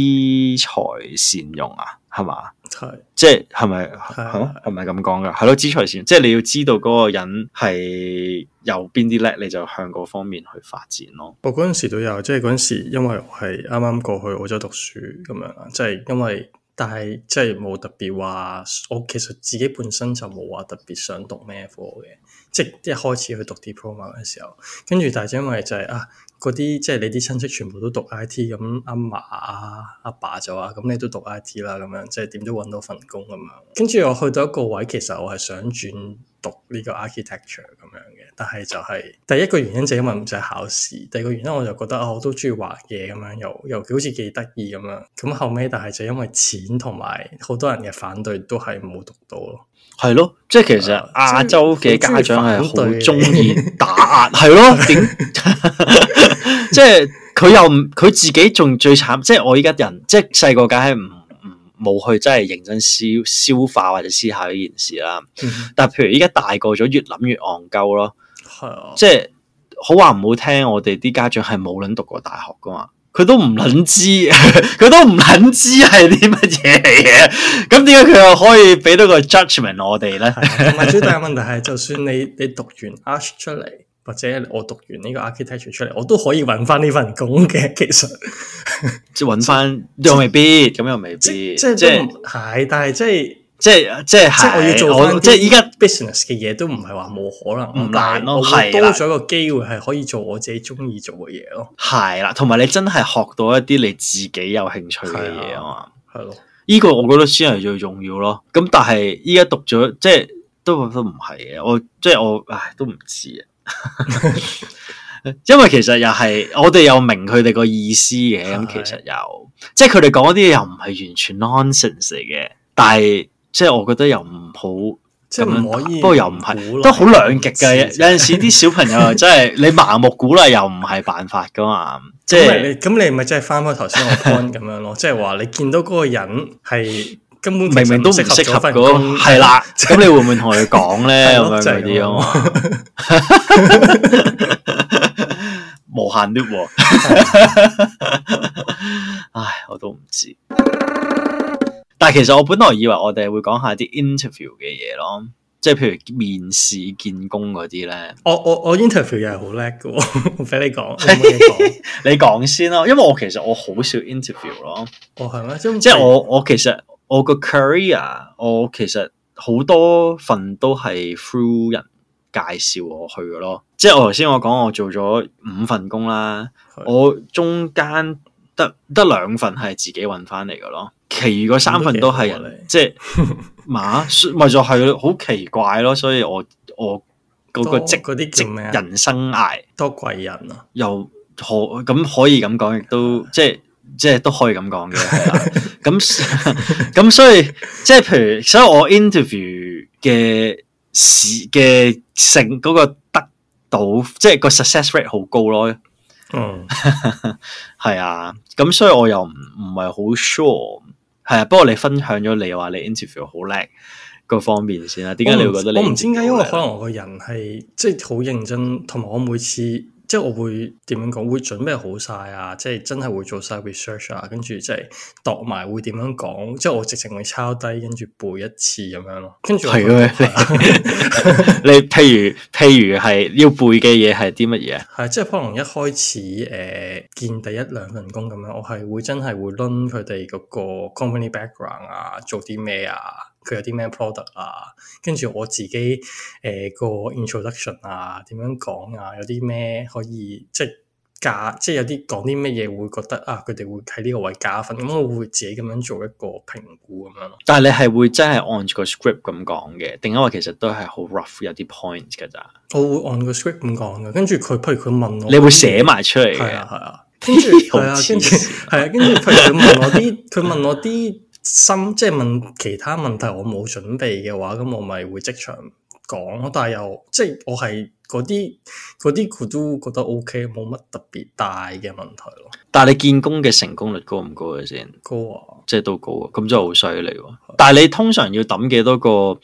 B: 財善用啊，係嘛？係是的 即係係咪
A: 嚇係咪咁講㗎？係咯，知財
B: 善用，即係你要知道嗰個人係由邊啲叻，你就向嗰方面去發展咯。我
A: 嗰陣時都有，即係嗰陣時因為我係啱啱過去澳洲讀書咁樣，即係因為但係即係冇特別話，我其實自己本身就冇話特別想讀咩科嘅。即一開始去讀 diploma 嘅時候，跟住大姐因為就係、是、啊嗰啲即係你啲親戚全部都讀 I T，咁阿嫲啊阿爸，爸就話，咁你都讀 I T 啦，咁樣即係點都揾到份工咁嘛。跟住我去到一個位，其實我係想轉讀呢個 architecture 咁樣嘅，但係就係、是、第一個原因就因為唔使考試，第二個原因就我就覺得、哦、我都中意畫嘢咁樣，又又好似幾得意咁樣。咁後尾，但係就因為錢同埋好多人嘅反對，都係冇讀到
B: 咯。係咯，即係其實亞洲嘅家長係好中意打壓，係咯？點 即係佢又唔佢自己仲最慘，即係我依家人即係細個，梗係唔唔冇去真係認真思消，消化或者思考呢件事啦。嗯哼，但係譬如依家大個咗，越諗越戇鳩咯，係啊，即係好話唔好聽，我哋啲家長係冇諗讀過大學噶嘛。佢都唔捻知，佢 都唔捻知係啲乜嘢嚟嘅。咁點解佢又可以俾到個 judgment 我哋咧？唔係最大
A: 問題係，就算你你讀完 arch 出嚟，或者我讀完呢個 architecture 出嚟，我都可以揾翻呢份工嘅。其實即係揾翻又未必，咁即又未必。即係即係係，但係即係。就是即
B: 係即係，即我要做翻我即係依家
A: business 嘅嘢，都唔係話冇可能唔難咯啊。多咗一個機會係可以做我自己中意做嘅嘢咯。
B: 係啦，同埋你真係學到一啲你自己有興趣嘅嘢啊嘛。係咯，呢個我覺得先係最重要咯。咁但係依家讀咗，即係都都唔係嘅。我即係我唉，都唔知啊。 因為其實又係我哋有明佢哋個意思嘅。咁的其實又，即係佢哋講啲嘢又唔係完全 nonsense 嘅，但係。即係我覺得又唔好，即係唔可以。不過又唔係，都好兩極嘅。有陣時啲小朋友真係
A: 你盲目鼓勵又唔係辦法噶嘛。即係咁你咁你咪即係翻翻頭先我 point 咁樣咯，即係話你見到嗰個人係根本明明都唔適合嗰，係啦。咁你會唔會同佢講咧？咁樣嗰啲啊，無限啲喎。
B: 唉，我都唔知。但係其實我本來以為我哋會講下啲 interview 嘅嘢咯，即係譬如面試見工嗰啲咧。我我 inter 我 interview 又係好叻嘅，俾 你講，你講先咯。因為我其實我好少 interview
A: 咯。哦，係咩？即係我
B: 我其實我個 career，我其實好多份都係 through 人介紹我去嘅咯。即係我頭先我講我做咗五份工啦，的我中間得得兩份係自己搵翻嚟嘅咯。其餘嗰三份都係人嚟，即係馬，咪就係、係、好奇怪咯。所以我我嗰個積嗰
A: 啲積人
B: 生涯多貴人啊，又可咁可以咁講，亦都 即係即係都可以咁講嘅。咁咁、啊、 所以即係譬如，所以我 interview 嘅事嘅性嗰、嗰個得到，即、就、係、係、個 success rate 好高咯。嗯，係啊，咁、嗯 啊、所以我又唔唔係好 sure。係啊，不過你分享咗你話你 interview 好叻個方面先啦，點解不你會覺得你？我唔知
A: 點解，因為可能我個人係即係好認真，同埋我每次。即係我會點樣講，會準備好晒啊！即係真係會做晒 research 啊，跟住即係度埋會點樣講。即係我直情會抄低，跟住背一次咁樣咯。跟住係咯，你，
B: 你譬如譬如係要背嘅嘢係啲乜嘢？
A: 係即係可能一開始誒、呃、見第一兩份工咁樣，我係會真係會輪佢哋嗰個 company background 啊，做啲咩啊？佢有啲咩 product 啊？跟住我自己誒、呃、那個 introduction 啊，點樣講啊？有啲咩可以即係加？即係有啲講啲咩嘢會覺得啊？佢哋會喺呢個位加分，咁我會，會自己咁樣做一個評估咁樣咯。但
B: 係你係會真係按住個 script 咁講嘅，定係話其實都係好 rough 有啲 point 噶咋？
A: 我會按個 script 咁講嘅，跟住佢譬如佢問我，你會寫埋出嚟嘅，
B: 係啊，跟住係啊，跟住係啊，跟住、啊
A: 啊 啊、譬如佢問我啲，佢問我啲。心即係問其他問題，我冇準備嘅話，咁我咪會即場講咯。但係又即係我係嗰啲嗰啲，我都覺得 OK，冇乜特別大嘅問題咯。
B: 但係你見工嘅成功率高唔高嘅先？高啊，即係都高啊，咁真係好犀利喎！的但係你通常要抌幾多個？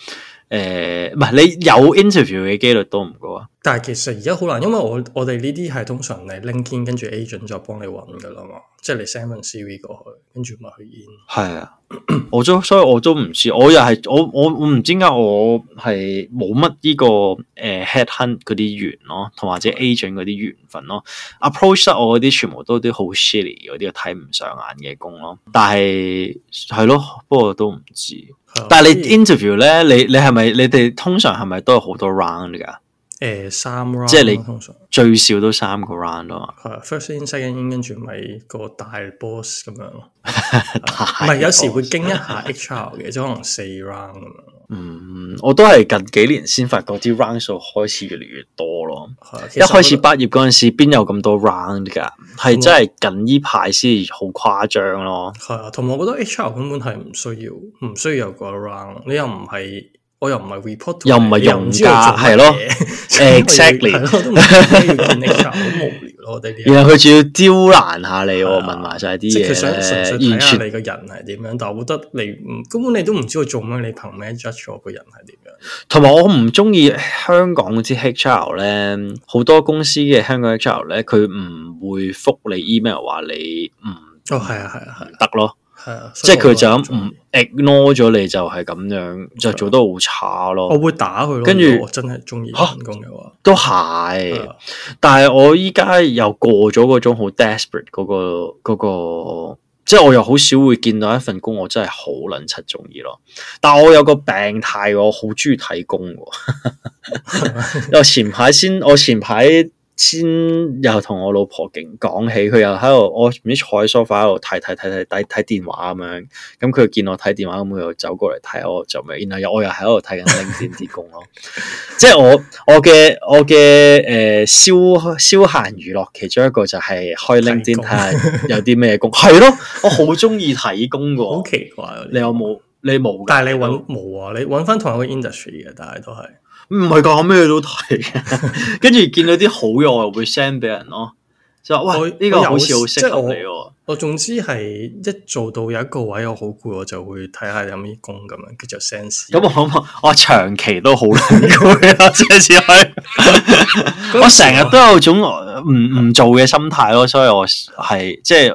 B: 誒，唔係、呃、你有 interview 嘅幾率都唔高啊？
A: 但係其實而家好難，因為我我哋呢啲係通常係 LinkedIn 跟住 agent 就幫你揾噶嘛。即係你 send 份 CV 過去，跟住咪去
B: in。係啊，我都所以我都唔知，我又、就、係、是、我我我唔知點解我係冇乜呢個誒 head hunt 嗰啲緣咯，同或者 agent 嗰啲緣分咯，approach 得我嗰啲全部都啲好 silly 嗰啲睇唔上
A: 眼嘅工咯。
B: 但係係咯，不過都唔知。但係你 interview 咧，你你係咪你哋通常係咪都有好多 round 噶？
A: 誒，三 round，即係你
B: 最少都三個 round 啊嘛。
A: 係啊，first，interview 跟住咪個大 boss 咁樣咯。唔係有時會經一下 HR 嘅，即係可能四 round 咁樣。
B: 嗯，我都係近幾年先發覺啲 round 數開始越嚟越多咯。一開始畢業嗰陣時，邊有咁多 round 噶？係真係近呢排先好誇張咯。
A: 係啊，同埋我覺得 HR 根本係唔需要，唔需要有個 round，你又唔係。我又唔係 report，又唔係用家，係咯的 ，exactly，都唔知要建唔建設，好無聊咯，然後佢仲要刁難下你， 我問埋晒啲嘢咧，緊緊看看完全你個人係點樣。但係我覺得你根本你都唔知佢做咩，你憑咩 judge 我個人係點
B: 樣？同埋我唔中意香港嗰啲 HR 咧，好多公司嘅香港 HR 咧，佢唔會覆你 email 話你唔、
A: 嗯、哦，係啊，係啊，得咯。即係佢就咁唔
B: ignore 咗你就，就係咁樣就做得好差咯。我會打佢，跟住後我
A: 真係中意工嘅、啊、都係，
B: 嗯、但係我依家又過咗嗰種好 desperate 嗰個、嗰個，嗰個嗯、即係我又好少會見到一份工，我真係好撚柒中意咯。但係我有個病態，我好中意睇工。 我前排先，我前排。先又同我老婆講起，佢又喺度，我唔知坐喺梳化喺度睇睇睇睇睇睇電話咁樣，咁佢見我睇電話咁，佢又走過嚟睇我做咩，然後又我又喺度睇緊 LinkedIn 啲工咯， 即係我我嘅我嘅誒、呃、消消閒娛樂，其中一個就係開 LinkedIn 睇下有啲咩工，係咯
A: 我好中意睇工噶，好奇怪，你有冇你冇，但係你搵冇啊，你搵翻同一個 industry 嘅，但係都係。唔係講
B: 咩都睇，跟 住見到啲好嘅，我又會 send 俾人咯。就話喂，呢我個好似好適合
A: 你我我。我總之係一做到有一個位，我好攰，我就會睇下有咩工咁樣，跟住就 send。咁
B: 我可我，我長期都好攰
A: 咯，即係只係我
B: 成日都有種唔唔做嘅心態咯，所以我係即係。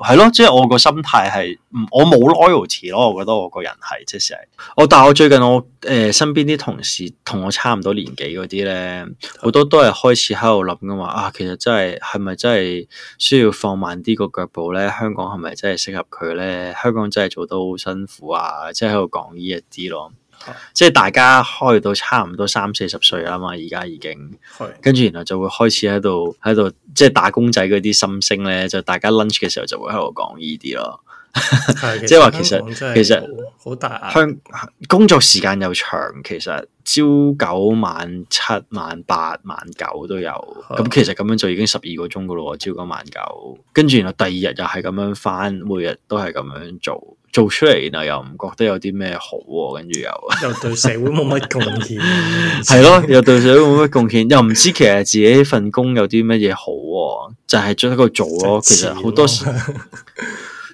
B: 係咯，即係我個心態係，我冇 loyalty 咯，我覺得我個人係，即是係。我、哦、但係我最近我誒、呃、身邊啲同事同我差唔多年紀嗰啲咧，好、嗯、多都係開始喺度諗噶嘛。啊，其實真係係咪真係需要放慢啲個腳步咧？香港係咪真係適合佢咧？香港真係做到好辛苦啊！即係喺度講呢一啲咯。即係大家開到差唔多三四十歲啊嘛，而家已經，跟住的然後就會開始喺度喺度，即係打工仔嗰啲心聲咧，就大家 lunch 嘅時候就會喺度講呢啲咯。
A: 即係話其實 其實好大，香
B: 港工作時間又長，其實朝九晚七、晚八、晚九都有。咁的其實咁樣就已經十二個鐘㗎咯，朝九晚九，跟住然後第二日又係咁樣返，每日都係咁樣做。做出嚟，然後又唔覺得有啲咩好、啊，跟住又又
A: 對社會冇乜貢獻、啊，係咯
B: 又對社會冇乜貢獻，又唔知其實自己份工有啲咩嘢好、啊，就係、將、做喺度做咯。其實好多時候，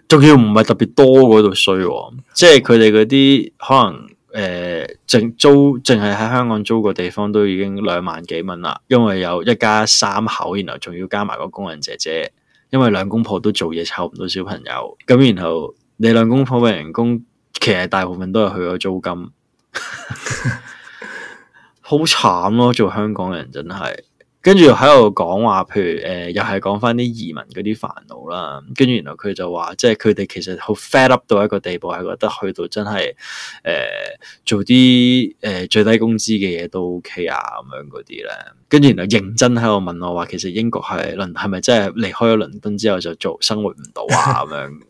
B: 仲 要唔係特別多嗰度衰、啊，即係佢哋嗰啲可能誒淨、呃、租淨係喺香港租個地方都已經兩萬幾蚊啦，因為有一家三口，然後仲要加埋個工人姐姐，因為兩公婆都做嘢湊唔到小朋友，咁然後。你兩公婆嘅人工，其實大部分都係去咗租金，好 慘咯、啊！做香港人真係，跟住喺度講話，譬如誒、呃，又係講翻啲移民嗰啲煩惱啦。跟住然後佢就話，即係佢哋其實好 fed up 到一個地步，係覺得去到真係誒、呃、做啲誒、呃、最低工資嘅嘢都 ok 啊咁樣嗰啲咧。跟住然後認真喺度問我話，其實英國係倫係咪真係離開咗倫敦之後就做生活唔到啊咁樣？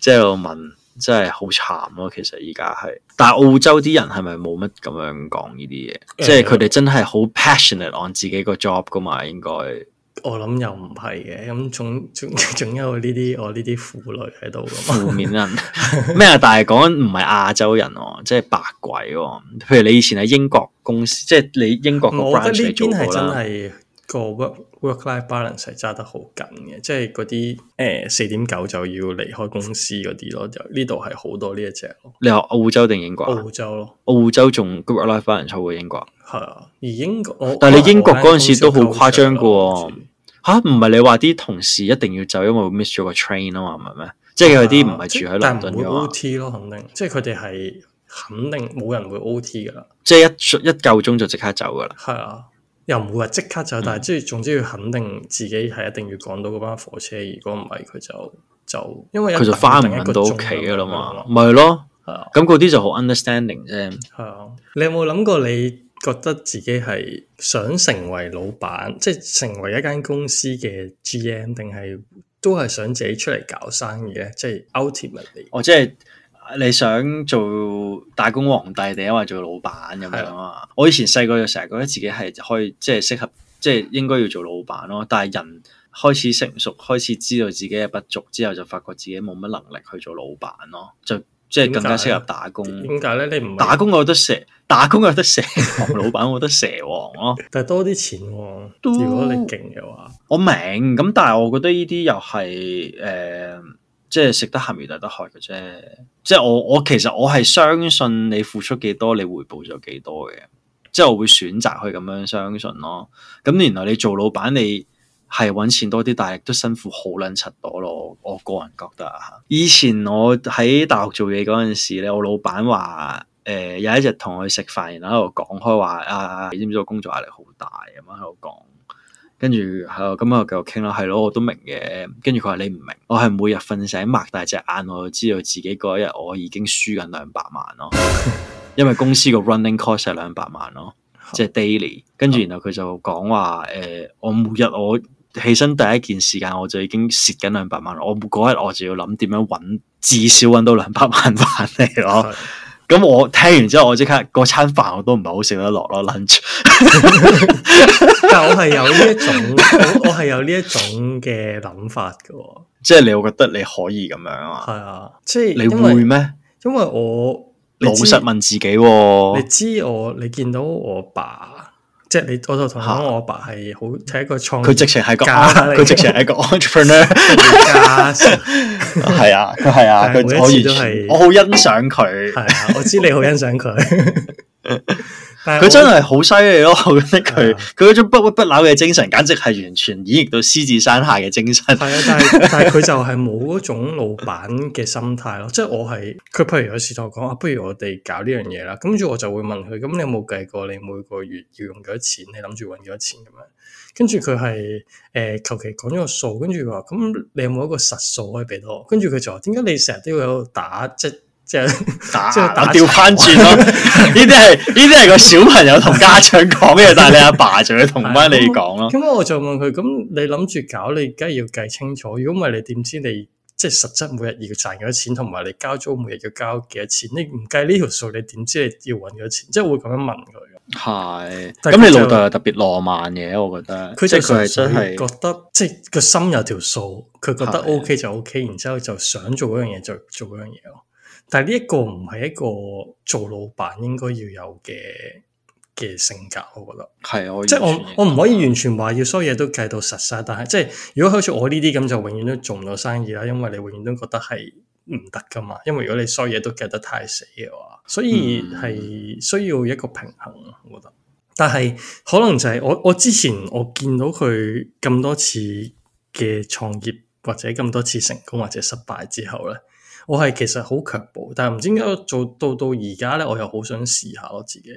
B: 即係 我問，即係好慘咯。其實依家係，但係澳洲啲人係咪冇乜咁樣講呢啲嘢？嗯、即係佢哋真係好 passionate on 自己個 job 噶嘛？應該
A: 我諗又唔係嘅。咁仲總總，總有呢啲我呢啲負累喺度噶嘛？負面人
B: 咩啊？ 但係講緊唔係亞洲人喎、哦，即係白鬼喎、哦。譬如你以前喺英國公司，即係你英國個 brand 你做
A: 個 work work life balance 係揸得好緊嘅，即係嗰啲誒四點九就要離開公司嗰啲咯，就呢度係好多呢一隻。你話澳洲定英國？澳洲咯，澳洲仲 work life balance 好過英國。係啊，而英國但係你英國嗰陣時都好誇
B: 張㗎喎，吓唔係你話啲同事一定要走，因為 miss 咗個 train 啊嘛，唔係咩？即係有啲唔係住喺倫敦嘅話，O T
A: 咯，肯定。即係佢哋係肯定冇人會 O T 噶啦。
B: 即係一一夠鐘就即刻走噶啦。
A: 係啊。又唔會話即刻走，但係即係總之要肯定自己係一定要趕到嗰班火車。如果唔係，佢就就因為佢就翻唔到屋企噶啦嘛，咪咯嗎，咁嗰啲就好 understanding 啫。係啊的，你有冇諗過？你覺得自己係想成為老闆，即係成為一間公司嘅 GM，定係都係想自己出嚟搞生意咧？即係 ultimately
B: 嚟，哦，即係。你想做打工皇帝定係因為做老闆咁樣啊？的我以前細個就成日覺得自己係可以，即係適合，即、就、係、是、應該要做老闆咯。但係人開始成熟，開始知道自己嘅不足之後，就發覺自己冇乜能力去做老闆咯，就即係、就是、更加適合打工。點解咧？你唔打工，我覺得蛇；打工，我得蛇王； 老闆，我覺得蛇王咯。 但係多啲錢喎、啊，都如果你勁嘅話，我明咁，但係我覺得呢啲又係誒。呃即係食得鹹魚就得渴嘅啫，即係我我其實我係相信你付出幾多，你回報咗幾多嘅，即係我會選擇去咁樣相信咯。咁原來你做老闆你係搵錢多啲，但係亦都辛苦好捻柒多咯。我個人覺得啊，以前我喺大學做嘢嗰陣時咧，我老闆話誒有一日同我食飯，然後喺度講開話啊，你知唔知我工作壓力好大咁樣喺度講。跟住係咯，咁我繼續傾咯，係、嗯、咯、嗯，我都明嘅。跟住佢話你唔明，我係每日瞓醒擘大隻眼，我就知道自己嗰一日我已經輸緊兩百萬咯，因為公司個 running cost 係兩百萬咯，即係 daily。跟住然後佢就講話，誒、呃，我每日我起身第一件時間，我就已經蝕緊兩百萬，我嗰日我就要諗點樣搵，至少搵到兩百萬翻嚟咯。 咁我聽完之後，我即刻嗰餐飯我都唔係好食得落咯。Lunch，
A: 但我係有呢一種，我係有呢一種嘅諗法㗎。即係你會覺得你可以咁樣啊？係啊，即係你會咩？因為我老實
B: 問自己，你知，你
A: 知，你知我，你見到我爸。即係你，我就同講我阿爸係好，係一個創。佢、啊、直情係個，佢直情係一個
B: entrepreneur。係啊，係 啊，啊啊 每一次都係。 我好
A: 欣賞佢。係啊，我知你好欣賞佢。 佢真
B: 係好犀利咯我覺得佢佢嗰種不屈不撓嘅精神，簡直係完全演繹到獅子山下嘅精神。但
A: 係是 但係佢就係冇嗰種老闆嘅心態咯，即、就、係、是、我係佢，譬如有時同我講啊，不如我哋搞呢樣嘢啦，跟住我就會問佢，咁你有冇計過你每個月要用幾多錢？你諗住搵幾多錢咁樣？跟住佢係誒求其講咗個數，跟住話咁你有冇一個實數可以俾到我？跟住佢就話點解你成日都要打即？即係 打打調翻轉咯，呢啲
B: 係呢啲係個小朋友同家長講嘅， 但係你阿爸仲要同翻你講咯。咁、 嗯嗯
A: 嗯嗯嗯、我就問佢：咁、嗯、你諗住搞，你梗係要計清楚。如果唔係，你點知你即係實質每日要賺幾多錢，同埋你交租每日要交幾多錢？你唔計呢條數，你點知你要搵幾多錢？即係會咁樣問佢。
B: 係是，咁你老豆又特別浪漫嘅，我覺得。佢是就係真係覺
A: 得，即係個心有條數，佢覺得 O、OK、K 就 O、OK, K，是然之後就想做嗰樣嘢就做嗰樣嘢咯。但係呢一個唔係一個做老闆應該要有嘅嘅性格，我覺得係， 即係我 我唔可以完全話要所有嘢都計到實晒。但係即係如果好似我呢啲咁，就永遠都做唔到生意啦，因為你永遠都覺得係唔得噶嘛。因為如果你所有嘢都計得太死嘅話，所以係需要一個平衡，嗯、我覺得。但係可能就係我我之前我見到佢咁多次嘅創業或者咁多次成功或者失敗之後咧。我係其實好卻步，但係唔知點解做到到而家咧，我又好想試下咯自己，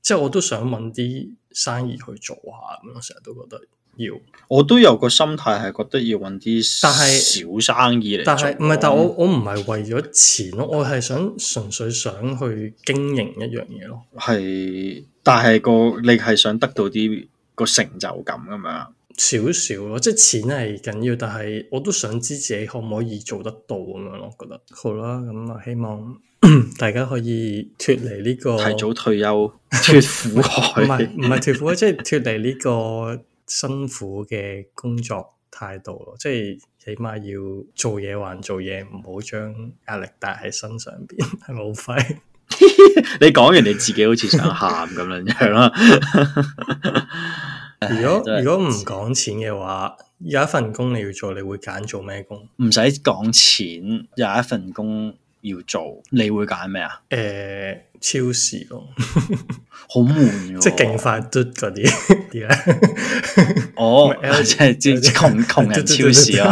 A: 即係我都想搵啲生意去做下咁，我成日都覺得
B: 要。我都有個心態係覺得要搵啲，但係小生意嚟。但係唔係，但係我
A: 我唔係為咗錢咯，我係想純粹想去經營一樣嘢咯。係，但係個你係想得到啲，那個成就感咁嘛？少少咯，即係錢係緊要，但係我都想知自己可唔可以做得到咁樣咯。我覺得好啦，咁啊，希望大家可以脫離呢個提早退
B: 休脫苦海，唔係唔係脫
A: 苦， 脫 即係脫離呢個辛苦嘅工作態度咯。即係起碼要做嘢還做嘢，唔好將壓力帶喺身上邊，係冇費。
B: 你講完你自己好似想喊咁樣樣啦。 如果如果唔
A: 講錢嘅話，有一份工你要做，你會揀做咩工？
B: 唔使講錢，有一份工要做，你會揀咩啊？
A: 誒、欸，超市囉，好悶嘅，即係勁快嘟嗰啲啲咧。哦，即係即係窮窮人超市啊！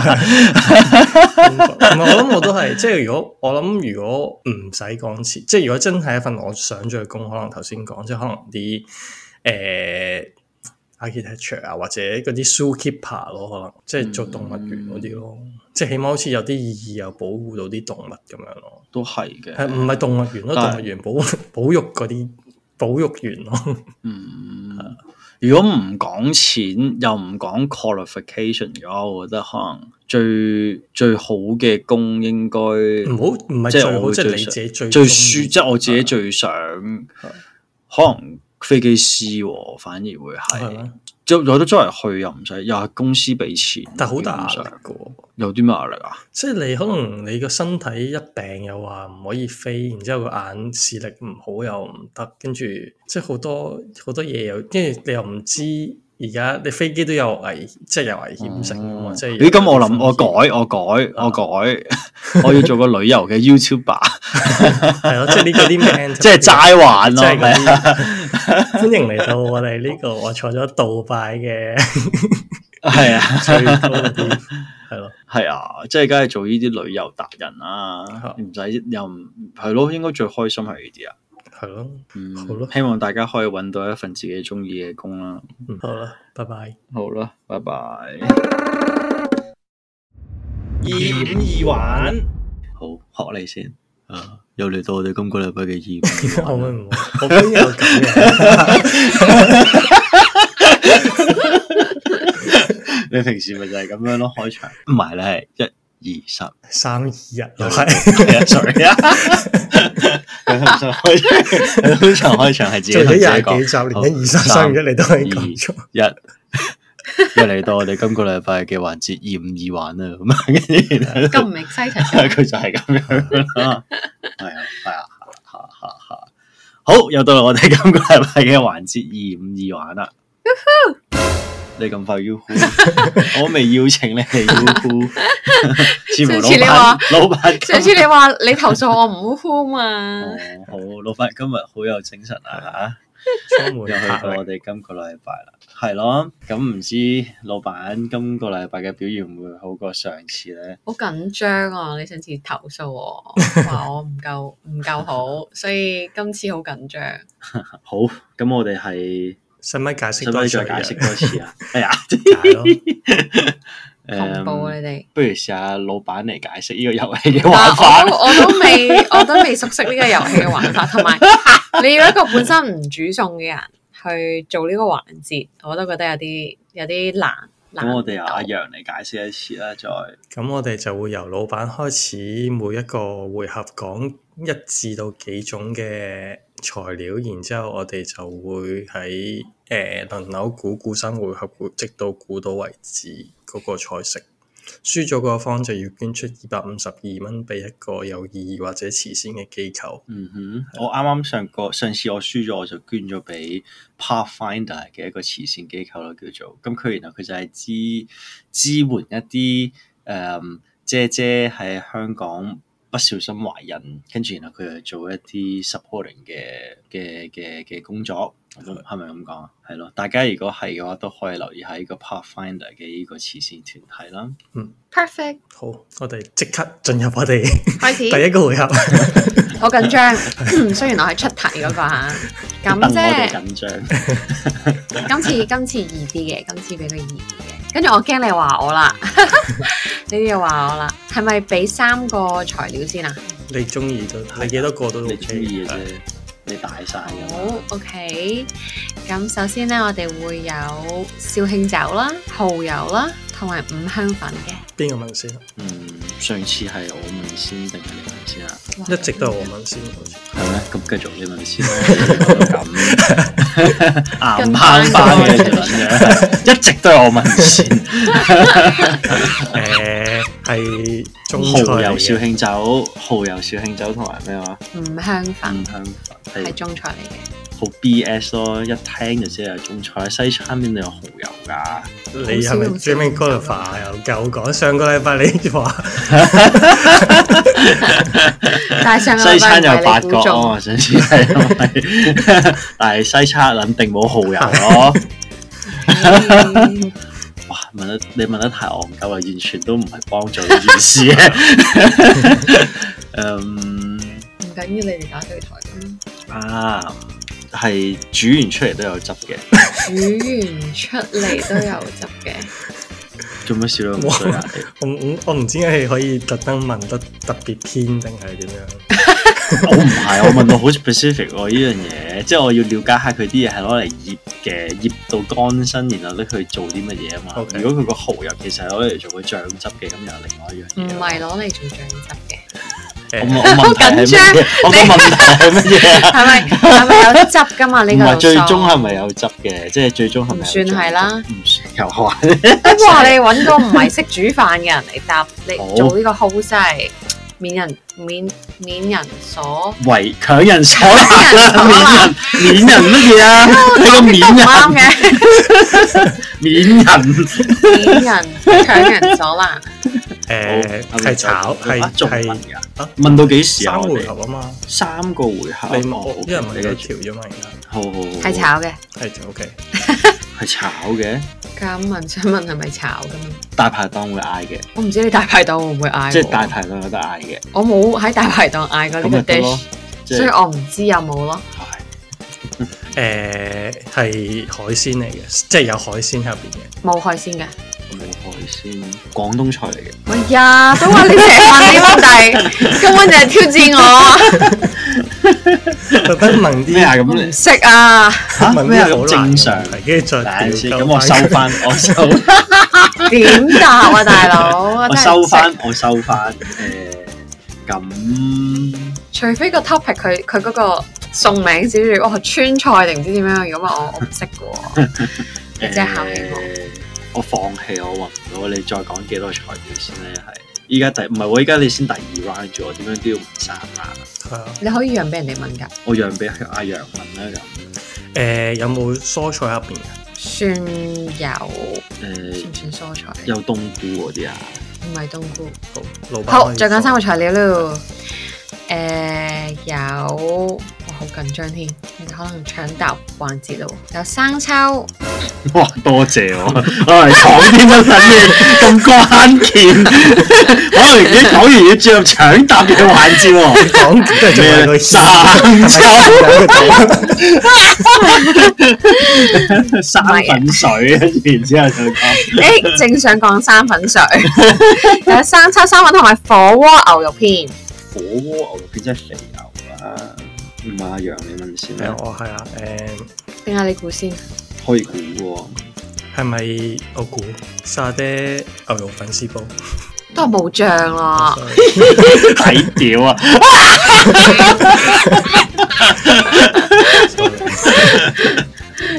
A: 我諗我都係，即係如果我諗，如果唔使講錢，即係如果真係一份我想做嘅工，可能頭先講，即係可能啲誒。欸 architecture 啊，或者嗰啲 zookeeper 咯，可能即係做動物園嗰啲咯，嗯、即係起碼好似有啲意義，又保護到啲動物咁樣咯。都係嘅，係唔係動物園咯？是動物園保保育嗰啲保育員咯。嗯，如果唔講
B: 錢又唔講 qualification 嘅話，我覺得可能最最好嘅工應該唔好唔係最好，即係你自己最最需，即、就、係、是、我自己最想的可能。飛機師、哦、反而會係，又有得周圍去又唔使，又係公司畀錢，但係好大壓力嘅，啊、有啲咩壓力啊？
A: 即係你可能你個身體一病又話唔可以飛，然之後個眼視力唔好又唔得，跟住即係好多好多嘢又，跟住你又唔知。而家你飛機都有危，即係有危險性啊嘛。咦？咁我諗
B: 我改，我改，我改，我要做個旅遊嘅 YouTuber。
A: 係咯，即係呢個啲咩？即係齋玩咯，係啊？歡迎嚟到我哋呢個我坐咗杜拜嘅，係啊，係咯，係啊，即係梗
B: 係做呢啲旅遊達人啊。唔使又唔係咯，應該最開心係呢啲啊！係咯，嗯、好咯吧，希望大家可以揾到一份自己中意嘅工啦。嗯、
A: 好啦吧，拜拜。
B: 嗯、好啦，拜拜。二五二環，好，學你先。啊，又嚟到我哋今個禮拜嘅二環。 有你平時咪就係咁樣咯？開場唔係你係一。
A: 二十，
B: 三二一，係 sorry 啊！開場開場係自己同自己講，二十，三二一，你都可以
A: 講一，
B: 一嚟到我哋今個禮拜嘅環節二五二玩啦。咁明西，佢就係咁樣係啊，係啊，下下好又到我哋今個禮拜嘅環節二五二玩啦。你咁快要呼， 我未邀請你嚟要呼。上次 你話，上次你話
C: 你投訴我唔邀呼嘛？
B: 哦，好，老闆今日好有精神啊！ 又去到我哋今個禮拜啦，係 咯？咁唔知老闆今個禮拜嘅表現會好過上次咧？
C: 好緊張啊！你上次投訴我，話我唔夠唔夠好，所以今次好緊張。
B: 好，咁我哋係。使乜解釋？使唔使再解釋多次試試啊？哎呀，恐怖你哋！不如試下老闆嚟解釋呢個遊戲嘅玩法。我都
C: 未， 我都未熟悉呢個遊戲嘅玩法，同埋 你要一個本身唔煮餸嘅人去做呢個環節，我都覺得有啲有啲難。咁我哋由阿
B: 楊嚟解釋一次啦，再。
A: 咁 我哋就會由老闆開始每一個回合講。一至到幾種嘅材料，然之後我哋就會喺誒輪流估估生活，呃、合，估直到估到為止嗰、那個菜式。輸咗個方就要捐出二百五十二蚊俾一個有意義或者慈善嘅機構。嗯哼，我啱啱
B: 上個上次我輸咗，我就捐咗俾 Pathfinder 嘅一個慈善機構啦，叫做咁佢然後佢就係支支援一啲誒姐姐喺香港。不小心懷孕，跟住然後佢去做一啲 supporting 嘅嘅嘅嘅工作。係咪咁講啊？係咯，大家如果係嘅話，都可以留意下呢個 Pathfinder 嘅呢個慈善團體啦。嗯，Perfect。好，我哋
A: 即刻進入我哋開始
C: 第一個回合。好緊張， 雖然我係出題嗰、那個吓，咁啫、 就是。緊張。 今次今次易啲嘅，今次俾佢易啲嘅。跟住我驚你話我啦， 你哋又話我啦。係咪俾三個材料先啊？
A: 你中意都，你幾多個都你中意嘅啫。對你大曬嘅。好
C: ，OK。咁首先咧，我哋會有紹興酒啦、蚝油啦，同埋五香粉嘅。
A: 邊個問先？嗯，
B: 上次係我問先定係你問先啊？一直都係我問先，係咩？咁繼續你問先。咁岩坑花嘅捻嘢，一直都係我問
A: 先。
B: 誒，係。蚝油、紹興酒、蚝油、紹興酒同埋咩話？
C: 五香粉。
B: 係
C: 中菜
B: 嚟嘅，好 BS 咯！一聽就知係中菜，西餐邊度有蠔
A: 油噶？你係咪最屘嗰個化？又夠講，上個禮拜你話，但係西餐又八角啊！上次係係，
B: 但係西餐肯定冇蠔油咯。哇！問得你問得太戇鳩啊，完全都唔係幫助呢件事嘅。嗯，唔緊要，你哋打對
C: 台。
B: 啊，係煮完出嚟都有汁嘅。 煮完出嚟都有汁嘅。做乜
A: 笑到咁衰啊？我唔知係可以特登問得特別偏定係點樣？
B: 我唔係，我問到好 specific 喎呢樣嘢，即係我要了解下佢啲嘢係攞嚟醃嘅，醃到乾身，然後拎去做啲乜嘢啊嘛。Okay. 如果佢個蠔油其實係攞嚟做個醬汁嘅，咁又另外一樣嘢。
C: 唔係攞嚟做醬汁嘅。好緊張，好多問題係乜嘢？係咪係咪有得執噶嘛？呢個唔係最終
B: 係咪有執嘅？即係最終係咪？算係啦，唔算。
C: 不過你揾個唔係識煮飯嘅人嚟答，你做呢個 host 係免人免免人所
B: 為，強人所難，免人免人乜嘢啊？你個免人，免人免人
C: 強人所難。
B: 誒，係炒？係係
A: 問到幾時啊？三回合啊
B: 嘛，三個回合。你冇，因為問咗
A: 條啫嘛，而家好
B: 好係炒
C: 嘅，
A: 係 OK，
B: 係炒嘅。
C: 咁問，想問係咪炒噶？
B: 大排檔會嗌嘅，
C: 我唔知你大排檔會唔會嗌。即係
A: 大排檔有得嗌嘅，
C: 我冇喺大排檔嗌過呢個
A: dish，所以我
C: 唔知有冇
A: 咯。係，誒，係海鮮嚟嘅，即係有海鮮喺入邊
C: 嘅，冇海鮮嘅。
A: 冇海鮮，廣東菜嚟嘅。
C: 哎呀，都話你成日問啲乜仔，根本就係挑戰我。
A: 覺得問啲咩咁？唔
C: 識啊？
A: 嚇？問啲好正常。跟住再點先？咁我收
B: 翻，我收。
C: 點答啊，大佬？我收翻，
B: 我收翻。誒，咁
C: 除非個 topic 佢佢嗰個餸名之類，我川菜定唔知點樣？如果問我，我唔識
B: 嘅喎，即係考起我。我放棄，我話唔到你再，再講幾多材料先咧？係，依家第唔係我，依家你先第二 round 住我，點樣都要唔生啊！係啊，
C: 你可以讓俾人哋問㗎。
B: 我讓俾
A: 阿楊問啦咁。誒、欸，有冇蔬菜入邊㗎？算有
C: 誒，欸、算唔算蔬
A: 菜？有冬菇嗰啲啊？
C: 唔係冬菇。好，老闆好，再講三個材料咯。誒、嗯欸，有。好緊張添，你可能搶答環節咯。有生抽，
B: 哇！多謝我，我嚟講添都神嘅咁關鍵，可能而家講
A: 完要進入搶答嘅環節喎。講咩？生抽，
C: 生粉水，然之後再講。哎，正想講生粉水，有生抽、生粉同埋火鍋牛肉片。
B: 火鍋牛肉片真係肥牛啊！唔
A: 係阿楊，你問先啊！我係啊，誒，
C: 定係你估先？
A: 可以估喎，係咪我估？沙爹牛肉粉絲煲
C: 都冇醬咯，
A: 睇
B: 屌啊！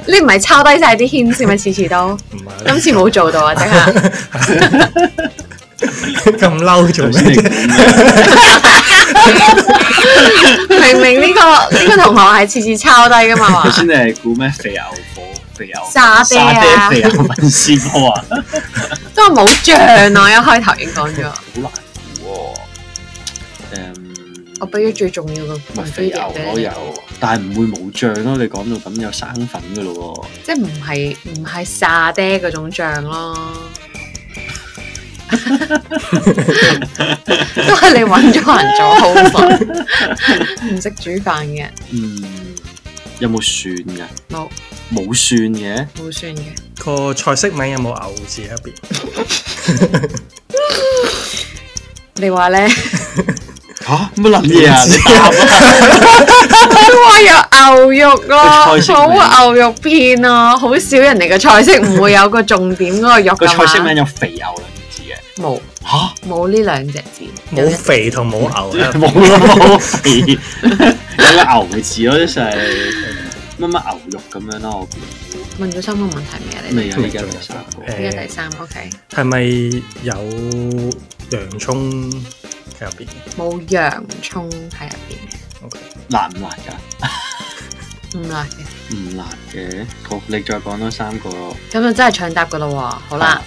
C: 你唔係抄低晒啲謙先咪次次都，唔、這個、今次冇做到啊！真係
A: 咁嬲做先。
C: 同學係次次抄低噶嘛？頭
B: 先你係估咩肥牛火鍋肥牛？沙爹啊，肥牛粉絲鍋啊，
C: 都話冇醬啊！一開頭已經講咗，
B: 好難估喎、哦。Um,
C: 我俾咗最重要嘅唔肥牛都油
B: 你，但係唔會冇醬咯、啊。你講到咁有生粉噶咯喎，
C: 即係唔係唔係沙爹嗰種醬咯？ 都係你揾咗人做好食，唔識 煮飯嘅。嗯，
B: 有冇蒜嘅？冇沒，冇蒜嘅。
C: 冇蒜嘅
A: 個菜式名有冇牛字喺入邊？
C: 你話咧吓乜諗嘢啊？我、yeah, 有牛肉啊！草牛肉片啊！好少人哋嘅菜式唔會有個重點嗰個肉噶，個菜式名有肥牛 冇吓，冇呢兩隻字，冇
A: 肥同冇牛啊，冇咯， 肥 有個牛字咯，即係
B: 乜乜牛肉咁樣咯。我
C: 問咗三個問題未啊？未啊，而家第三個，
A: 而家第三個、嗯、，OK，係咪有洋葱喺入邊？
C: 冇洋葱喺入邊嘅，OK，辣唔辣噶？唔辣嘅，唔
B: 辣嘅，好，你再講多三個咯。
C: 咁、嗯、就真係搶答噶咯，好啦。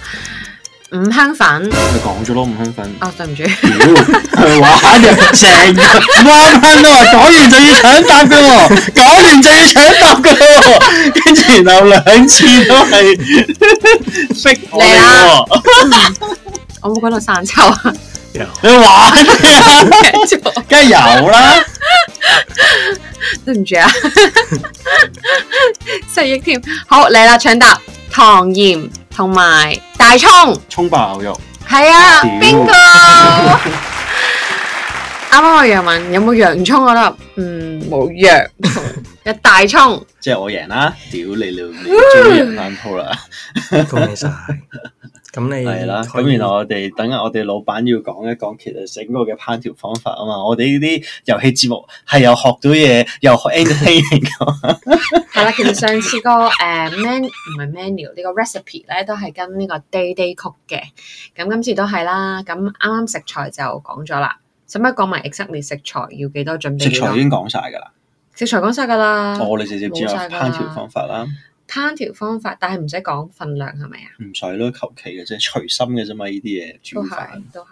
C: 五香粉，
B: 你講咗咯，五香粉。啊、
C: 哦，對唔住。屌、
B: 呃，玩嘅，成日五香粉話，講完就要搶答㗎喎，講完就要搶答㗎喎，跟住然後兩次都係
C: 識 我。嚟啦、嗯， 我冇講到三抽。油你玩嘅，梗係有， 有啦，對唔住啊，十億添。好嚟啦，搶答，唐言。同埋大蔥，蔥爆牛肉係啊，邊個？啱啱我楊文有冇洋蔥啊？我得，嗯，冇洋蔥，有大蔥，
B: 即係我贏啦！屌你老味，中意爛鋪啦，
A: 恭喜晒。
B: 咁 你係啦，咁然後我哋等下我哋老闆要講一講，其實整個嘅烹調方法啊嘛，我哋呢啲遊戲節目係又學到嘢，又學 a n i m
C: a t 係啦， 其實上次、呃、 u，個誒 man 唔係 menu 呢個 recipe 咧，都係跟呢個 day day 曲嘅。咁、嗯、今次都係啦。咁啱啱食材就講咗啦，使乜講埋 extra c 嘅食材要幾多準備多？食材已經講晒噶啦，食材講晒噶啦，我哋直接進了烹調方法啦。烹調方法，但係唔使講份量係咪啊？
B: 唔使咯，求其嘅啫，隨心嘅啫嘛，呢啲嘢都係
C: 都係。誒、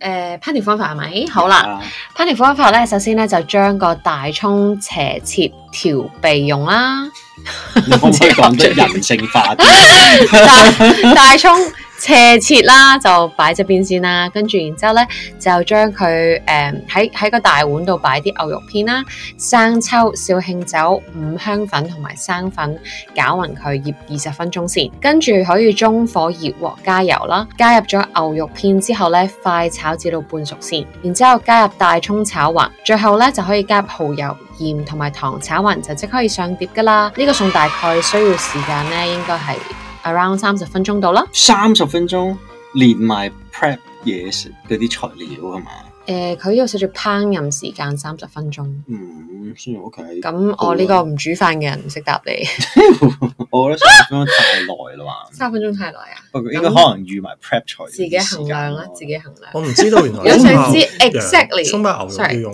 C: 呃，烹調方法係咪？是是的好啦，烹調方法咧，首先咧就將個大葱斜切調備用啦。 你可
B: 唔可以講得人性化，
C: 大大葱。斜切啦，就擺隻邊先啦，跟住然之後咧就將佢誒喺喺個大碗度擺啲牛肉片啦，生抽、紹興酒、五香粉同埋生粉攪勻佢，醃二十分鐘先。跟住可以中火熱鑊加油啦，加入咗牛肉片之後呢，快炒至到半熟先，然之後加入大蔥炒勻，最後呢，就可以加蠔油、鹽同埋糖炒勻就即刻可以上碟噶啦。呢個餸，大概需要時間呢，應該係。Around 三十分鐘到啦，三十分鐘
B: 連埋 prep 嘢食嗰啲材料吖嘛？
C: 誒，佢呢度寫住烹飪時間三十分鐘。嗯，O K。咁我呢個唔煮飯嘅人唔識答你。
B: 我覺得三十分鐘太耐啦嘛。
C: 三分鐘太耐
B: 啊！應該可能預埋 prep 材料。自
C: 己衡量啦，自己衡
B: 量。我唔知道原來。有想知 exactly？sorry，牛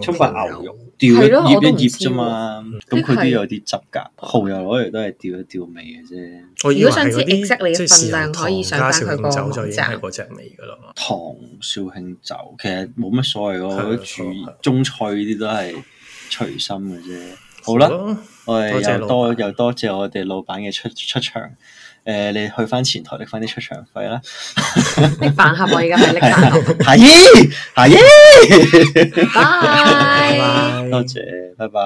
B: 肉。係咯，醃一醃啫嘛，咁佢都有啲汁噶，蠔油攞嚟都係調一調味嘅啫。如果上次 e x 你嘅分量，可以想紹興酒就已經係嗰隻味噶咯。糖紹興酒其實冇乜所謂咯，煮中菜呢啲都係隨心嘅啫。好啦，我係又多又多謝我哋老闆嘅出出場。誒、呃，你去翻前台搦翻啲出場費啦，搦
C: 飯盒。我而家係搦飯
B: 盒，阿姨，阿姨，拜拜，多謝，拜拜。